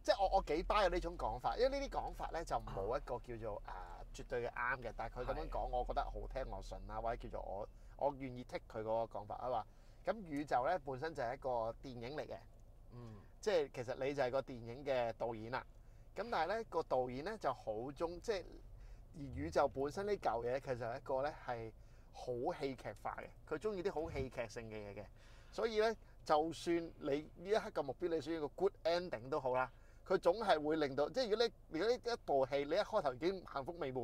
即係我我幾巴有呢種講法，因為呢啲講法咧就冇一個叫做誒、啊啊、絕對嘅啱嘅。但係佢咁樣講，的我覺得好聽我順啊，或者叫做我我願意 take 佢嗰個講法啊嘛。咁宇宙咧本身就係一個電影嚟嘅，嗯，即係其實你就係個電影嘅導演啦。咁但係咧、個導演咧就好中即係。而宇宙本身呢嚿嘢其實係一個咧係好戲劇化嘅，佢中意啲好戲劇性嘅嘢嘅。所以咧，就算你呢一刻嘅目標你想要一個 good ending 都好啦，佢總係會令到即係如果你如果呢一部戲你一開頭已經幸福美滿，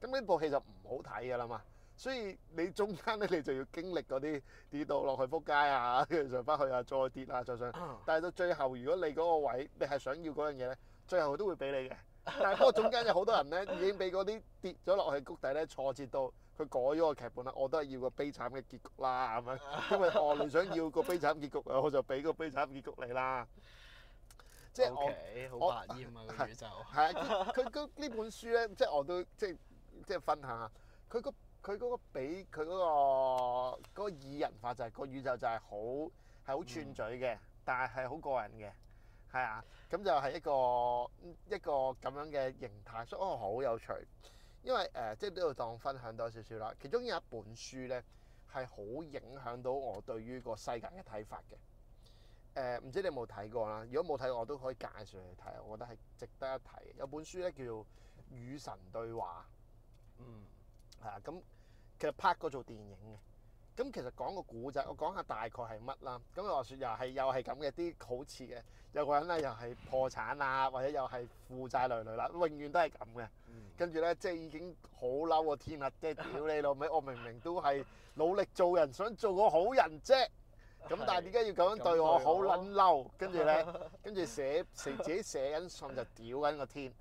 咁呢部戲就唔好睇㗎啦嘛。所以你中間咧你就要經歷嗰啲跌到落去撲街啊，跟住上翻去啊，再跌啊再上，但係到最後如果你嗰個位你係想要嗰樣嘢咧，最後都會俾你嘅。但係嗰個總監有好多人咧，已經俾嗰啲跌咗落去谷底咧，挫折到佢改咗個劇本啦，我都係要個悲慘嘅結局啦，咁樣，因為我亂想要個悲慘結局啊，我就俾個悲慘結局你啦。即係我我係啊，佢佢呢本書咧，即係我都即係即係分享下佢個佢嗰個俾佢嗰個嗰個擬人化就係個宇宙就係好係好串嘴嘅，但係係好個人嘅。係啊，咁就係一個一個咁樣嘅形態，所以我好有趣。因為誒，即係都要當分享多少少啦。其中有一本書咧，係好影響到我對於個世界嘅睇法嘅。誒、呃，唔知你有冇睇過啦？如果冇睇過，我都可以介紹你睇，我覺得係值得一睇。有本書咧，叫做《與神對話》。嗯，係啊、嗯。咁其實拍過做電影嘅。咁其實講個古仔，我講下大概係乜啦。咁又話説又係又係咁嘅啲好似嘅，有個人咧又係破產啊，或者又係負債累累啦，永遠都係咁嘅。跟住咧，即係已經好嬲個天啦！即係屌你老味，我明明都係努力做人，想做個好人啫。咁 但係點解要咁樣對我好撚嬲？跟住咧，跟住寫寫自己寫緊信就屌緊個天。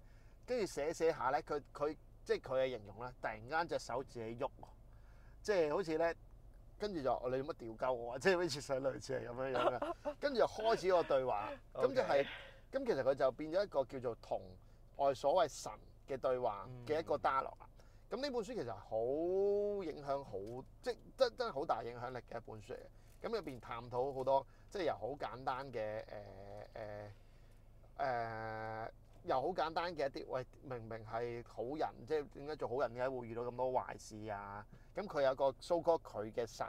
跟住寫寫下咧，佢佢即係佢嘅形容咧，突然間隻手自己喐，即係好似咧。跟住就你乜調夠我，即係咩？似想類似係咁樣樣啦。跟住就開始個對話，咁 就係、是、咁。其實佢就變咗一個叫做同外所謂神嘅對話嘅一個 dialog 咁呢本書其實好影響，好即係真真係好大影響力嘅一本書嚟。咁入邊探討好多，即係由好簡單嘅誒誒誒。呃呃呃又好簡單嘅一啲，喂，明明係好人，即係點解做好人，點解會遇到咁多壞事啊？咁佢有個蘇哥，佢嘅神，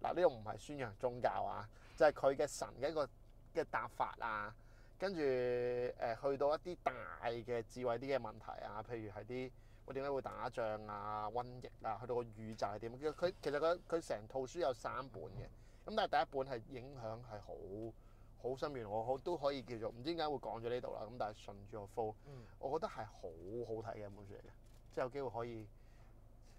嗱呢個唔係宣揚宗教啊，就係佢嘅神嘅一個嘅答法啊。跟住誒，去到一啲大嘅智慧啲嘅問題啊，譬如係啲我點解會打仗啊、瘟疫啊，去到個宇宙係點？佢其實佢佢成套書有三本嘅，咁但係第一本係影響係好。好深遠，我好都可以叫做唔知點解會講咗呢度啦。咁但係順住我 flow 我覺得係好好睇嘅本書嚟嘅，嗯、即係有機會可以，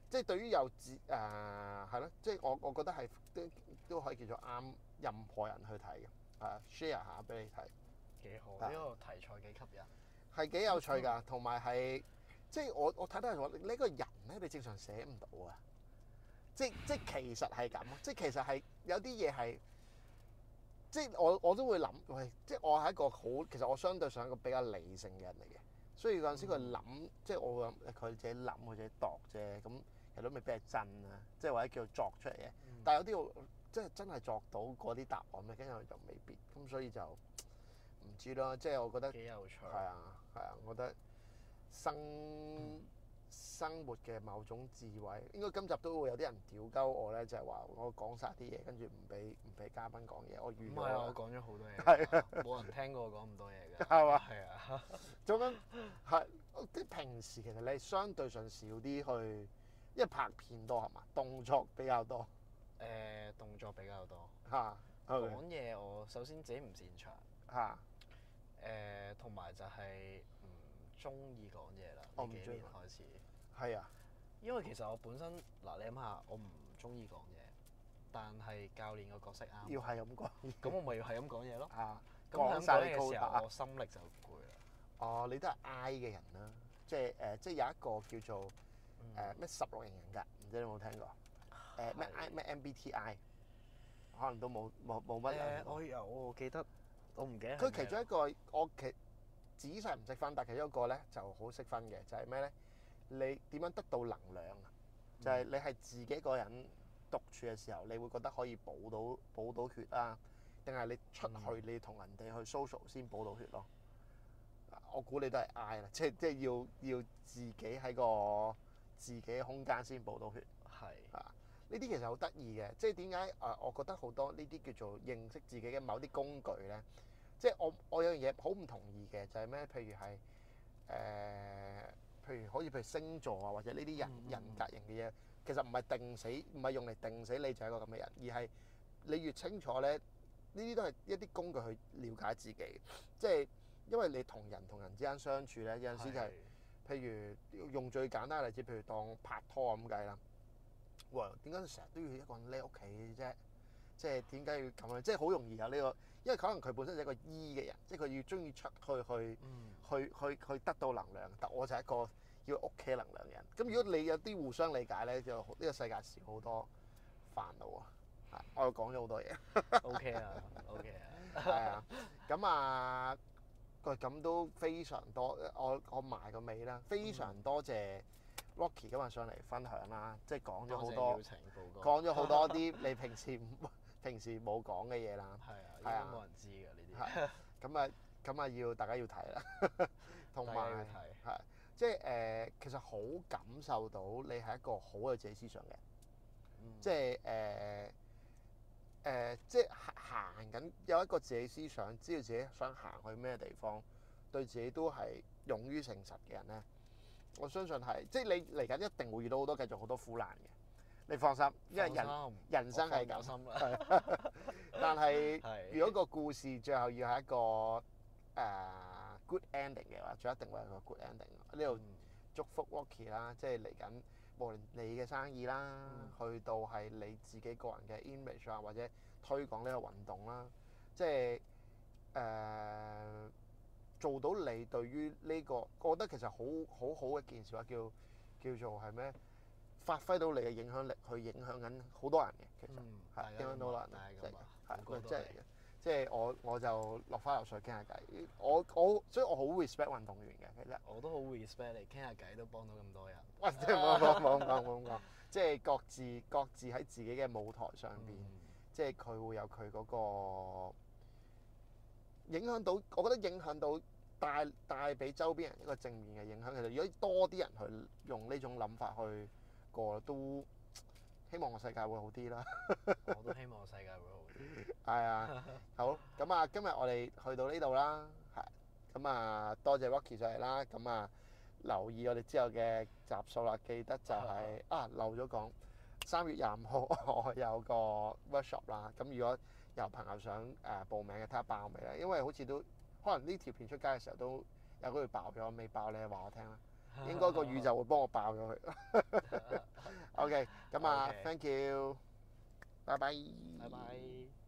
即係對於有字誒係咯，即係我我覺得係都都可以叫做啱任何人去睇嘅。係、呃、share 下俾你睇，幾好呢、啊、個題材幾吸引，係幾有趣㗎。同埋係即係我我睇到係話呢個人咧，你正常寫唔到啊。即即其實係咁，即其實係有啲嘢係。即係我我都會諗，喂！即係我係一個好，其實我相對上一個比較理性嘅人嚟嘅，所以有陣時佢諗，嗯、即係我會諗佢自己諗，佢自己度啫，咁其實都未必係真啦，即係或者叫佢作出嚟嘅。但係有啲我即係真係作到嗰啲答案咧，跟住又未必。咁所以就唔知咯。即係我覺得幾有趣，係啊，係啊，我覺得生。嗯生活嘅某種智慧，應該今集都會有啲人屌鳩我咧，就係話我講晒啲嘢，跟住唔俾唔俾嘉賓講嘢。我預料啦。唔係啊，我講咗好多嘢。係啊。冇人聽過我講咁多嘢嘅。係嘛？係啊。咁樣係，跟平時其實你相對上少啲去，因為拍片多係嘛，動作比較多。誒，動作比較多。嚇。講嘢我首先自己唔擅長。嚇。誒，同埋就係。中意講嘢啦，呢幾年開始係啊，因為其實我本身嗱，你諗下，我唔中意講嘢，但係教練個角色啊，要係咁講，咁我咪要係咁講嘢咯。啊，講晒嘅時候，我心力就攰啦。哦，你都係 I 嘅人啦，即係誒，即係有一個叫做誒咩十六型人格，唔知你有冇聽過？誒咩 I 咩 MBTI，可能都冇冇冇乜嘢。誒，我有，我記得，我唔記得。佢其中一個，我其仔細唔識分，但其中一個咧就好識分嘅，就係咩咧？你點樣得到能量啊？嗯、就係你係自己個人獨處嘅時候，你會覺得可以補到補到血啊。定係你出去你同人哋去 social 先補到血咯，啊？嗯、我估你都係 I 啦，即係即係要要自己喺個自己嘅空間先補到血。係是啊，呢啲其實好得意嘅，即係點解啊？我覺得好多呢啲叫做認識自己嘅某啲工具咧。即係我我有樣嘢好唔同意嘅，就係、是、咩？譬如係誒、呃，譬如可以譬如星座啊，或者呢啲人嗯嗯嗯人格型嘅嘢，其實唔係定死，唔係用嚟定死你就係一個咁嘅人，而係你越清楚咧，呢啲都係一啲工具去了解自己。即係因為你同人同人之間相處咧，有陣時就係、是、的譬如用最簡單嘅例子，譬如當拍拖咁計啦。喂，點解你成日都要一個人匿喺屋企啫？即係點解要咁樣？即係好容易有呢個，因為可能佢本身係一個 E 嘅人，即係佢要中意出去去去去去得到能量。但我就係一個要屋企能量嘅人。咁如果你有啲互相理解咧，就呢個世界少好多煩惱啊！我又講咗好多嘢，okay。OK 啊，OK 啊，係啊。咁啊，佢咁都非常多。我我埋個尾啦，非常多謝 Rocky 今日上嚟分享啦，即係講咗好多，講咗好多啲你平時 平時冇講嘅嘢啦，係啊，而家冇人知嘅呢啲，咁啊的，咁啊，要大家要睇啦，同埋，係，即係誒，其實好感受到你係一個好有自己思想嘅，即係誒誒，即係行行緊，有一個自己思想，知道自己想行去咩地方，對自己都係勇於誠實嘅人咧，我相信係，即係你嚟緊一定會遇到好多繼續好多苦難嘅。你放心，因為人心人生係搞心啦 是。但係是如果個故事最後要係一個誒、uh, good ending 嘅話，最一定會係個 good ending。呢度、嗯、祝福 Rocky 啦，即係嚟緊，無論你嘅生意啦，嗯、去到係你自己個人嘅 image 啊，或者推廣呢個運動啦，即係誒、uh, 做到你對於呢、呢個，我覺得其實好好好嘅一件事啊，叫叫做係咩？發揮到你嘅影響力，去影響緊好多人嘅，其實係、嗯、影響到好、就是、多人，即係係即即係我我就落花流水傾下偈，我我所以我好 respect 運動員嘅，其實我都好 respect 你傾下偈都幫到咁多人，喂， 即係冇冇冇咁講，即係各自各自喺自己嘅舞台上邊，即係佢會有佢嗰個影響到，我覺得影響到帶帶俾周邊人一個正面嘅影響。其實如果多啲人去用呢種諗法去，過都希望個世界會好啲啦。 我都希望個世界會好啲。係 啊，好，咁啊，今日我哋去到呢度啦，係，咁啊，多謝 Rocky 上嚟啦，咁啊，留意我哋之後嘅集數啦，記得就係、是 uh huh. 啊漏咗講，三月廿五號、uh huh. 我有個 workshop 啦，咁如果有朋友想誒、呃、報名嘅睇下爆未咧，因為好似都可能呢條片出街嘅時候都有機會爆，爆我，未爆你話我聽啦。應該個宇宙會幫我爆咗佢。OK，咁啊，Thank you，拜拜，拜拜。